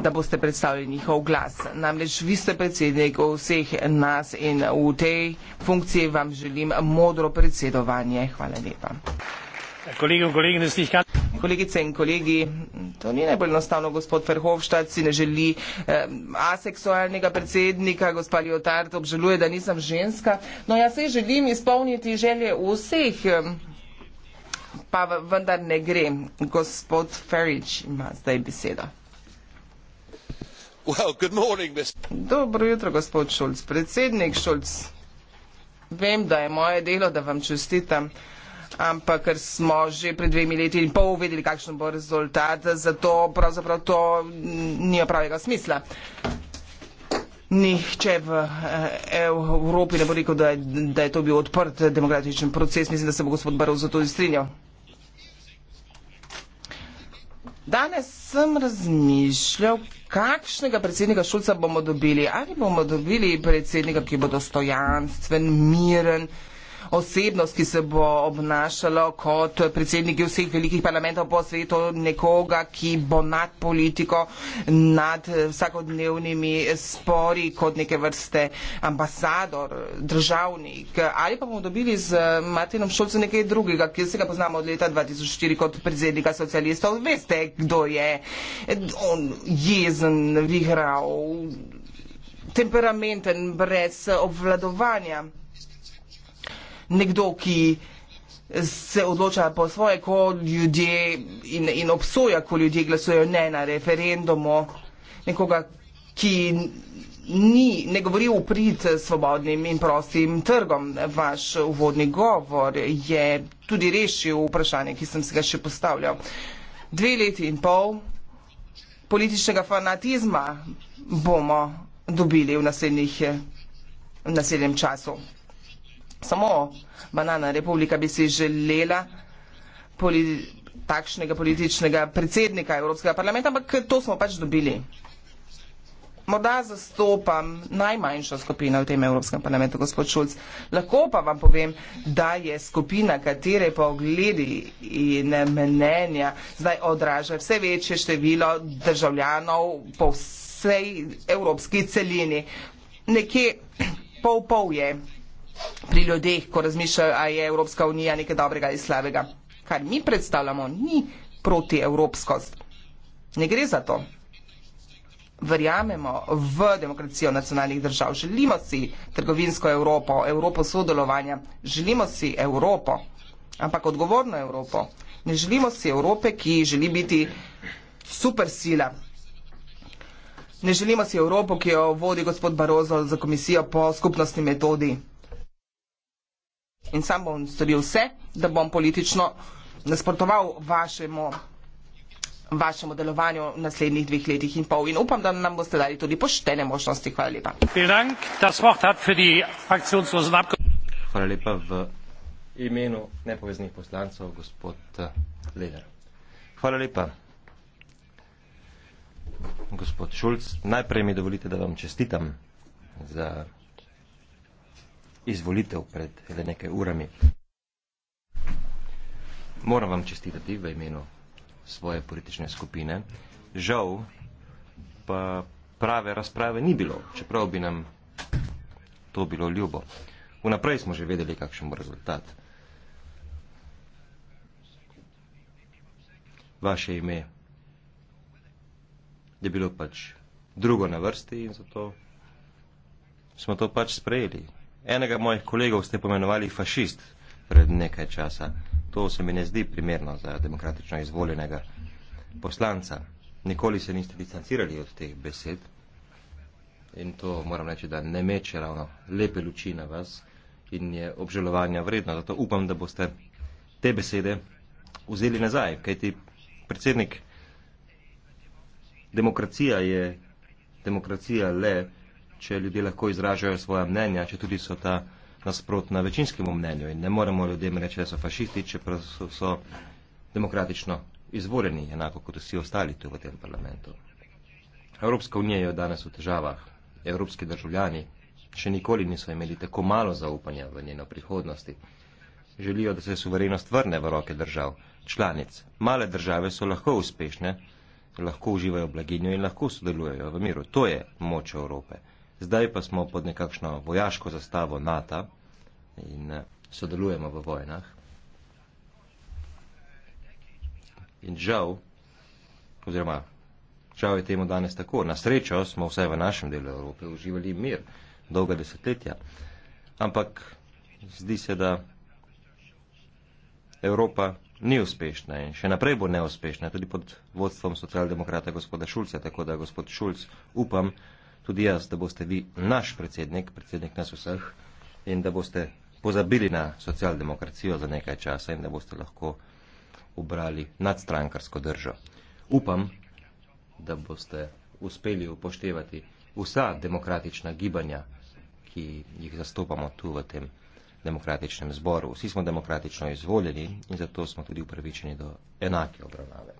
Speaker 3: da boste predstavili njihov glas. Namreč vi ste predsednik vseh nas in v tej funkciji vam želim modro predsedovanje. Hvala lepa. Kolegice in kolegi, to ni najbolj enostavno, gospod Ferhovštad si ne želi eh, aseksualnega predsednika, gospod Liotard obžaluje, da nisem ženska. No, jaz se želim izpolniti želje vseh, eh, pa vendar ne gre. Gospod Ferič ima zdaj besedo. Dobro jutro, gospod Šulc. Predsednik Šulc, vem, da je moje delo, da vam čestitam, ampak ker smo že pred dvemi leti in pol videli, kakšen bo rezultat, zato pravzaprav to ni pravega smisla. Nihče v eh, Evropi ne bo rekel, da je, da je to bil odprt demokratičen proces. Mislim, da se bo gospod Barov za to izstrinjal. Danes sem razmišljal, kakšnega predsednika Šulca bomo dobili? Ali bomo dobili predsednika, ki bo dostojanstven, miren? osebnost, ki se bo obnašala kot predsednik vseh velikih parlamentov po svetu, nekoga, ki bo nad politiko, nad vsakodnevnimi spori kot neke vrste ambasador, državnik. Ali pa bomo dobili z Martinom Šolcem nekaj drugega, ki se ga poznamo od leta 2004 kot predsednika socialistov. Veste, kdo je on jezen, vihral, temperamenten, brez obvladovanja nekdo, ki se odloča po svoje, ko ljudje in, in obsoja, ko ljudje glasujejo ne na referendumu, nekoga, ki ni, ne govori v prid svobodnim in prostim trgom. Vaš uvodni govor je tudi rešil vprašanje, ki sem se ga še postavljal. Dve leti in pol političnega fanatizma bomo dobili v, v naslednjem času samo banana republika bi si želela poli takšnega političnega predsednika Evropskega parlamenta, ampak to smo pač dobili. Morda zastopam najmanjša skupina v tem Evropskem parlamentu, gospod Šulc. Lahko pa vam povem, da je skupina, katere pa ogledi in mnenja zdaj odraža vse večje število državljanov po vsej evropski celini. Nekje pol pol je pri ljudeh, ko razmišljajo, ali je Evropska unija nekaj dobrega ali slabega. Kar mi predstavljamo, ni protievropskost. Ne gre za to. Verjamemo v demokracijo nacionalnih držav, želimo si trgovinsko Evropo, Evropo sodelovanja, želimo si Evropo, ampak odgovorno Evropo. Ne želimo si Evrope, ki želi biti supersila. Ne želimo si Evropo, ki jo vodi gospod Barozo za komisijo po skupnostni metodi. In sam bom storil vse, da bom politično nasprotoval vašemu, vašemu delovanju v naslednjih dveh letih in pol. In upam, da nam boste dali tudi poštene možnosti. Hvala lepa.
Speaker 4: Hvala lepa v imenu nepoveznih poslancev, gospod eh, Leder. Hvala lepa. Gospod Šulc, najprej mi dovolite, da vam čestitam za izvolitev pred nekaj urami. Moram vam čestitati v imenu svoje politične skupine. Žal pa prave razprave ni bilo, čeprav bi nam to bilo ljubo. Vnaprej smo že vedeli, kakšen bo rezultat. Vaše ime je bilo pač drugo na vrsti in zato smo to pač sprejeli. Enega mojih kolegov ste pomenovali fašist pred nekaj časa. To se mi ne zdi primerno za demokratično izvoljenega poslanca. Nikoli se niste distancirali od teh besed in to moram reči, da ne meče ravno lepe luči na vas in je obžalovanja vredno. Zato upam, da boste te besede vzeli nazaj, kajti predsednik demokracija je demokracija le če ljudje lahko izražajo svoja mnenja, če tudi so ta nasprotna večinskemu mnenju in ne moremo ljudem reči, da so fašisti, čeprav so, so demokratično izvoreni, enako kot vsi ostali tu v tem parlamentu. Evropska unija je danes v težavah. Evropski državljani še nikoli niso imeli tako malo zaupanja v njeno prihodnosti. Želijo, da se suverenost vrne v roke držav, članic. Male države so lahko uspešne, lahko uživajo blaginjo in lahko sodelujejo v miru. To je moč Evrope zdaj pa smo pod nekakšno vojaško zastavo NATO in eh, sodelujemo v vojnah. In žal, oziroma žal je temu danes tako, na srečo smo vsaj v našem delu Evrope uživali mir dolga desetletja, ampak zdi se, da Evropa ni uspešna in še naprej bo neuspešna, tudi pod vodstvom socialdemokrata gospoda Šulca, tako da gospod Šulc upam, tudi jaz, da boste vi naš predsednik, predsednik nas vseh in da boste pozabili na socialdemokracijo za nekaj časa in da boste lahko obrali nadstrankarsko držo. Upam, da boste uspeli upoštevati vsa demokratična gibanja, ki jih zastopamo tu v tem demokratičnem zboru. Vsi smo demokratično izvoljeni in zato smo tudi upravičeni do enake obravnave.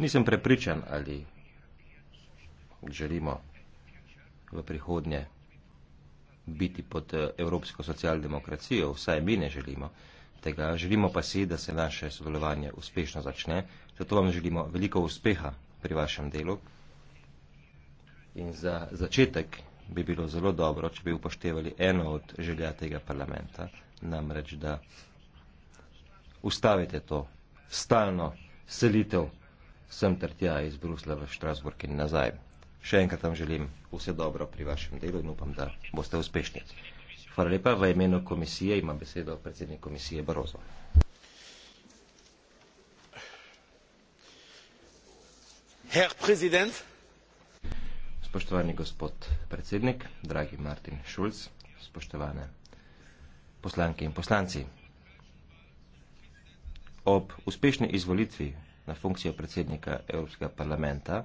Speaker 4: Nisem prepričan, ali želimo v prihodnje biti pod eh, evropsko socialdemokracijo, vsaj mi ne želimo tega. Želimo pa si, da se naše sodelovanje uspešno začne, zato vam želimo veliko uspeha pri vašem delu. In za začetek bi bilo zelo dobro, če bi upoštevali eno od želja tega parlamenta, namreč da ustavite to stalno selitev sem ter tja iz Brusla v Štrasburg in nazaj. Še enkrat vam želim vse dobro pri vašem delu in upam, da boste uspešni. Hvala lepa. V imenu komisije ima besedo predsednik komisije Barozo.
Speaker 2: Herr Präsident.
Speaker 4: Spoštovani gospod predsednik, dragi Martin Schulz, spoštovane poslanke in poslanci. Ob uspešni izvolitvi na funkcijo predsednika Evropskega parlamenta,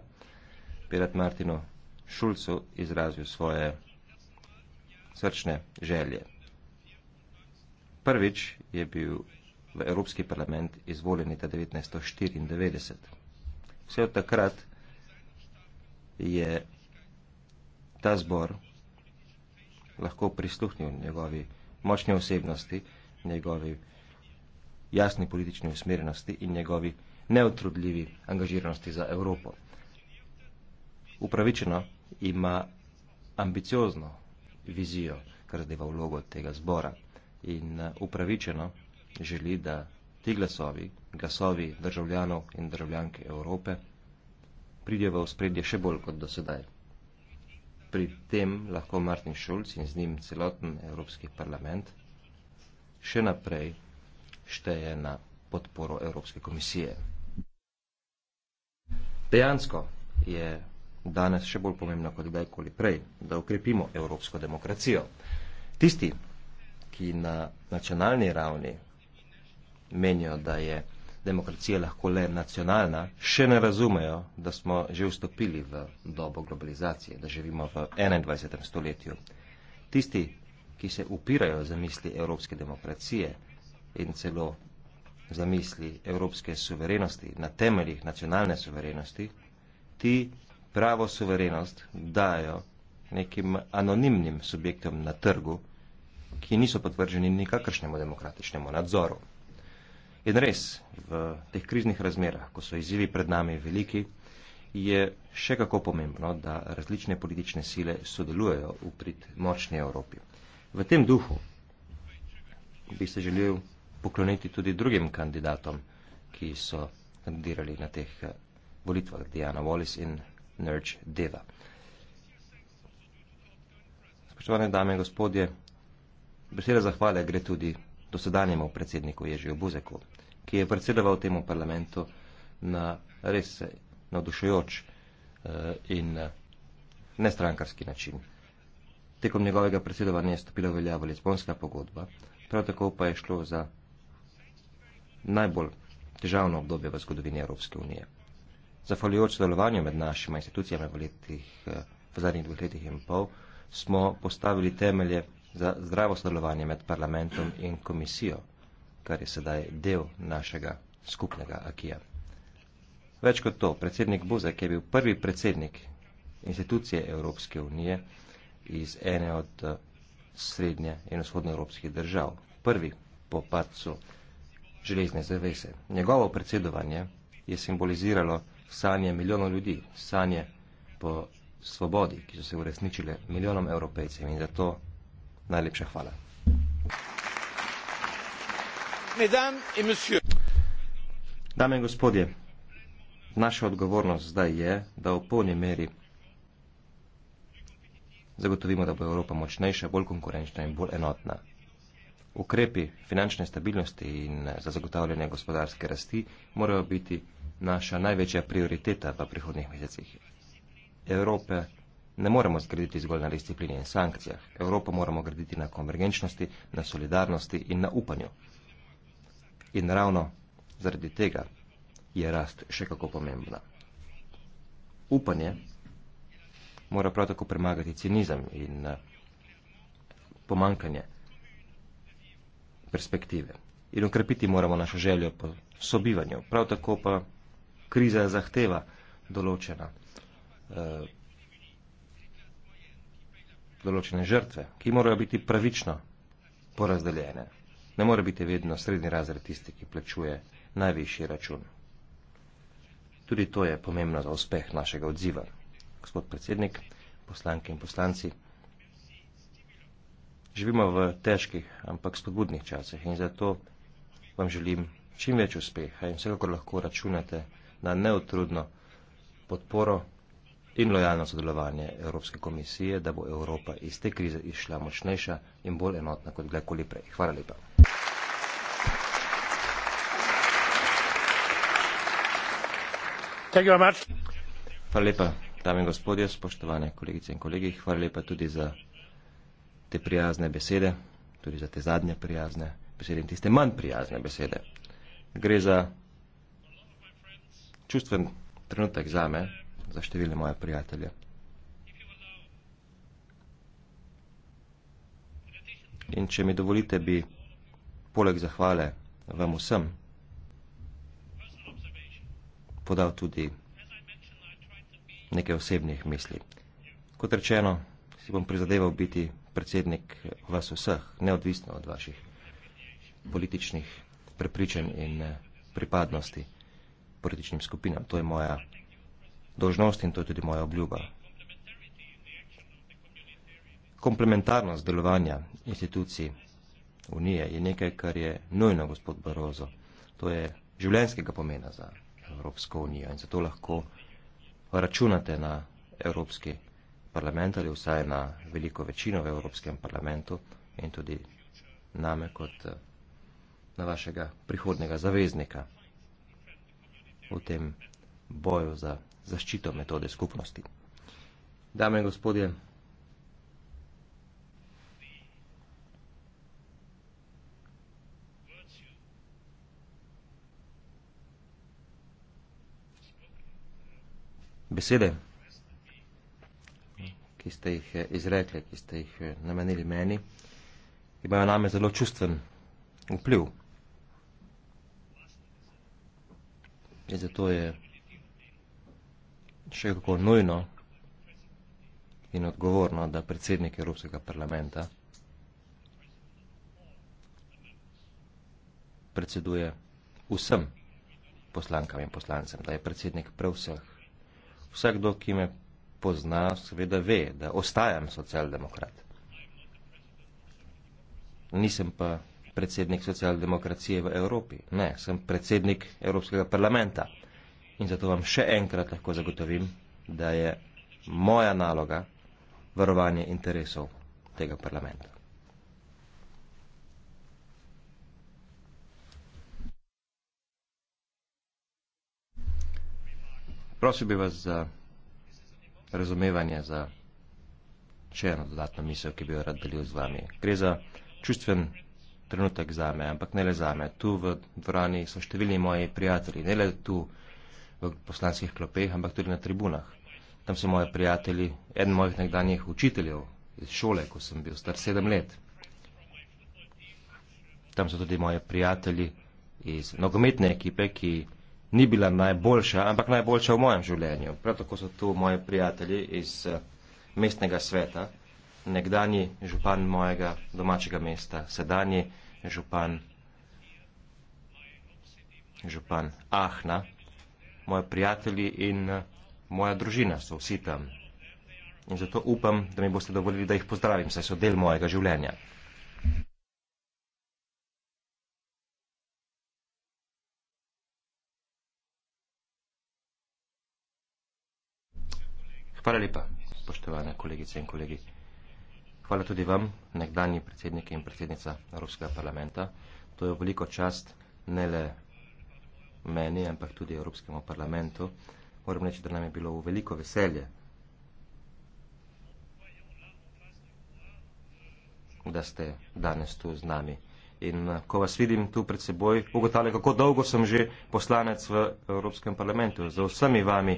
Speaker 4: Pirat Martinu Šulcu izrazil svoje srčne želje. Prvič je bil v Evropski parlament izvoljen leta 1994. Vse od takrat je ta zbor lahko prisluhnil njegovi močni osebnosti, njegovi jasni politični usmerjenosti in njegovi neutrudljivi angažiranosti za Evropo. Upravičeno ima ambiciozno vizijo, kar zadeva vlogo tega zbora in eh, upravičeno želi, da ti glasovi, glasovi državljanov in državljanke Evrope pridejo v spredje še bolj kot do sedaj. Pri tem lahko Martin Schulz in z njim celoten Evropski parlament še naprej šteje na podporo Evropske komisije. Dejansko je danes še bolj pomembno kot kdajkoli prej, da ukrepimo evropsko demokracijo. Tisti, ki na nacionalni ravni menijo, da je demokracija lahko le nacionalna, še ne razumejo, da smo že vstopili v dobo globalizacije, da živimo v 21. stoletju. Tisti, ki se upirajo za misli evropske demokracije in celo zamisli evropske suverenosti, na temeljih nacionalne suverenosti, ti pravo suverenost dajo nekim anonimnim subjektom na trgu, ki niso podvrženi nikakršnemu demokratičnemu nadzoru. In res, v teh kriznih razmerah, ko so izzivi pred nami veliki, je še kako pomembno, da različne politične sile sodelujejo v prid močni Evropi. V tem duhu bi se želel pokloniti tudi drugim kandidatom, ki so kandidirali na teh eh, volitvah, Diana Wallace in Nerge Deva. Spoštovane dame in gospodje, beseda zahvale gre tudi dosedanjemu predsedniku Ježiju Buzeku, ki je predsedoval temu parlamentu na res eh, navdušujoč eh, in nestrankarski način. Tekom njegovega predsedovanja je stopila v veljavo Lisbonska pogodba, prav tako pa je šlo za najbolj težavno obdobje v zgodovini Evropske unije. Zahvaljujoč sodelovanju med našima institucijami v, letih, eh, v zadnjih dveh letih in pol, smo postavili temelje za zdravo sodelovanje med parlamentom in komisijo, kar je sedaj del našega skupnega akija. Več kot to, predsednik Buzek je bil prvi predsednik institucije Evropske unije iz ene od eh, srednje in vzhodne evropskih držav. Prvi po padcu železne zavese. Njegovo predsedovanje je simboliziralo sanje milijonov ljudi, sanje po svobodi, ki so se uresničile milijonom evropejcev in za to najlepša hvala. Dame in gospodje, naša odgovornost zdaj je, da v polni meri zagotovimo, da bo Evropa močnejša, bolj konkurenčna in bolj enotna ukrepi finančne stabilnosti in eh, za zagotavljanje gospodarske rasti morajo biti naša največja prioriteta v prihodnih mesecih. Evrope ne moramo zgraditi zgolj na disciplini in sankcijah. Evropo moramo graditi na konvergenčnosti, na solidarnosti in na upanju. In ravno zaradi tega je rast še kako pomembna. Upanje mora prav tako premagati cinizem in eh, pomankanje perspektive. In okrepiti moramo našo željo po sobivanju. Prav tako pa kriza zahteva določena, eh, določene žrtve, ki morajo biti pravično porazdeljene. Ne more biti vedno srednji razred tisti, ki plačuje najvišji račun. Tudi to je pomembno za uspeh našega odziva. Gospod predsednik, poslanke in poslanci, živimo v težkih, ampak spodbudnih časih in zato vam želim čim več uspeha in vsekakor lahko računate na neotrudno podporo in lojalno sodelovanje Evropske komisije, da bo Evropa iz te krize išla močnejša in bolj enotna kot kdajkoli prej. Hvala lepa. Hvala lepa, dame in gospodje, spoštovane kolegice in kolegi. Hvala lepa tudi za te prijazne besede, tudi za te zadnje prijazne besede in tiste manj prijazne besede. Gre za čustven trenutek za me, za številne moje prijatelje. In če mi dovolite, bi poleg zahvale vam vsem podal tudi nekaj osebnih misli. Kot rečeno, si bom prizadeval biti predsednik vas vseh, neodvisno od vaših političnih prepričanj in eh, pripadnosti političnim skupinam. To je moja dožnost in to je tudi moja obljuba. Komplementarnost delovanja institucij Unije je nekaj, kar je nujno, gospod Barozo. To je življenjskega pomena za Evropsko unijo in zato lahko računate na evropski parlament ali vsaj na veliko večino v Evropskem parlamentu in tudi name kot eh, na vašega prihodnega zaveznika v tem boju za zaščito metode skupnosti. Dame in gospodje, besede, ki ste jih eh, izrekli, ki ste jih eh, namenili meni, imajo name zelo čustven vpliv. In zato je še kako nujno in odgovorno, da predsednik Evropskega parlamenta predseduje vsem poslankam in poslancem, da je predsednik prav vseh. Vsakdo, ki me pozna, seveda ve, da ostajam socialdemokrat. Nisem pa predsednik socialdemokracije v Evropi. Ne, sem predsednik Evropskega parlamenta. In zato vam še enkrat lahko zagotovim, da je moja naloga varovanje interesov tega parlamenta. Prosil bi vas za razumevanje za še eno dodatno misel, ki bi jo rad delil z vami. Gre za čustven trenutek za me, ampak ne le za me. Tu v dvorani so številni moji prijatelji, ne le tu v poslanskih klopeh, ampak tudi na tribunah. Tam so moji prijatelji, eden mojih nekdanjih učiteljev iz šole, ko sem bil star sedem let. Tam so tudi moji prijatelji iz nogometne ekipe, ki ni bila najboljša, ampak najboljša v mojem življenju. Prav tako so tu moji prijatelji iz eh, mestnega sveta, nekdani župan mojega domačega mesta, sedanji župan, župan Ahna, moji prijatelji in eh, moja družina so vsi tam. In zato upam, da mi boste dovolili, da jih pozdravim, saj so del mojega življenja. Hvala lepa, spoštovane kolegice in kolegi. Hvala tudi vam, nekdani predsednik in predsednica Evropskega parlamenta. To je veliko čast ne le meni, ampak tudi Evropskemu parlamentu. Moram reči, da nam je bilo v veliko veselje, da ste danes tu z nami. In eh, ko vas vidim tu pred seboj, ugotavljam, kako dolgo sem že poslanec v Evropskem parlamentu. Za vsemi vami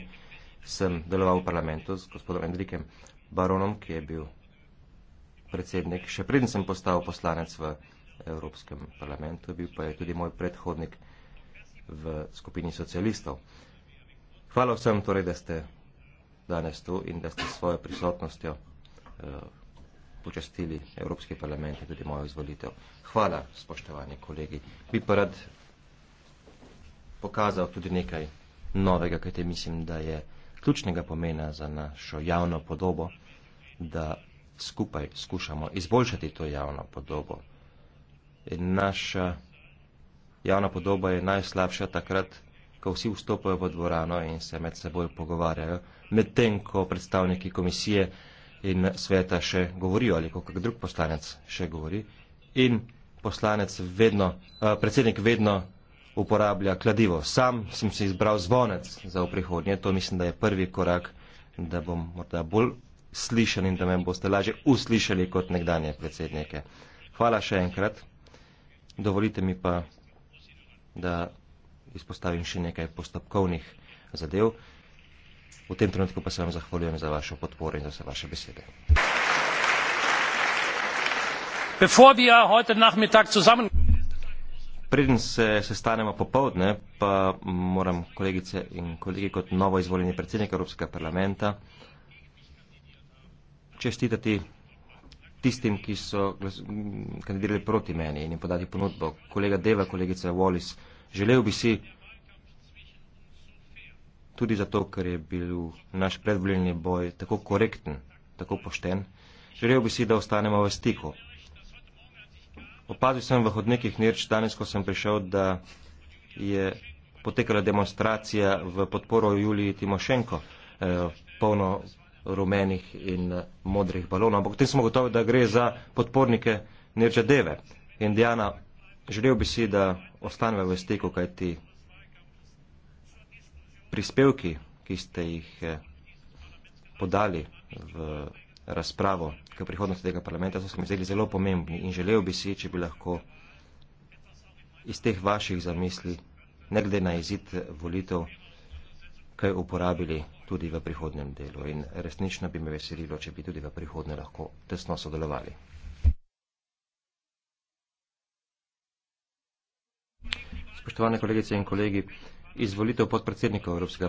Speaker 4: sem deloval v parlamentu z gospodom Enrikem Baronom, ki je bil predsednik, še preden sem postal poslanec v Evropskem parlamentu, bil pa je tudi moj predhodnik v skupini socialistov. Hvala vsem torej, da ste danes tu in da ste s svojo prisotnostjo eh, počastili Evropski parlament in tudi mojo izvolitev. Hvala, spoštovani kolegi. Bi pa rad pokazal tudi nekaj novega, kajte mislim, da je ključnega pomena za našo javno podobo, da skupaj skušamo izboljšati to javno podobo. In naša javna podoba je najslabša takrat, ko vsi vstopajo v dvorano in se med seboj pogovarjajo, medtem ko predstavniki komisije in sveta še govorijo ali kako drug poslanec še govori. In poslanec vedno, eh, predsednik vedno uporablja kladivo. Sam sem si izbral zvonec za v prihodnje, to mislim, da je prvi korak, da bom morda bolj slišen in da me boste lažje uslišali kot nekdanje predsednike. Hvala še enkrat. Dovolite mi pa, da izpostavim še nekaj postopkovnih zadev. V tem trenutku pa se vam zahvaljujem za vašo podporo in za vse vaše besede. Bevor wir heute Nachmittag zusammen preden se sestanemo popovdne, pa moram kolegice in kolegi kot novo izvoljeni predsednik Evropskega parlamenta čestitati tistim, ki so kandidirali proti meni in jim podati ponudbo. Kolega Deva, kolegica Wallis, želel bi si tudi zato, ker je bil naš predvoljeni boj tako korekten, tako pošten, želel bi si, da ostanemo v stiku. Opazil sem v hodnikih Nirč danes, ko sem prišel, da je potekala demonstracija v podporo Juliji Timošenko, eh, polno rumenih in eh, modrih balonov. Ampak potem smo gotovi, da gre za podpornike Nirča Deve. Indijana, želel bi si, da ostaneva v steku, kaj ti prispevki, ki ste jih eh, podali v razpravo k prihodnosti tega parlamenta, so se mi zdeli zelo pomembni in želel bi si, če bi lahko iz teh vaših zamisli, ne glede na izid volitev, kaj uporabili tudi v prihodnem delu. In resnično bi me veselilo, če bi tudi v prihodnje lahko tesno sodelovali. Spoštovane kolegice in kolegi, izvolitev podpredsednikov Evropskega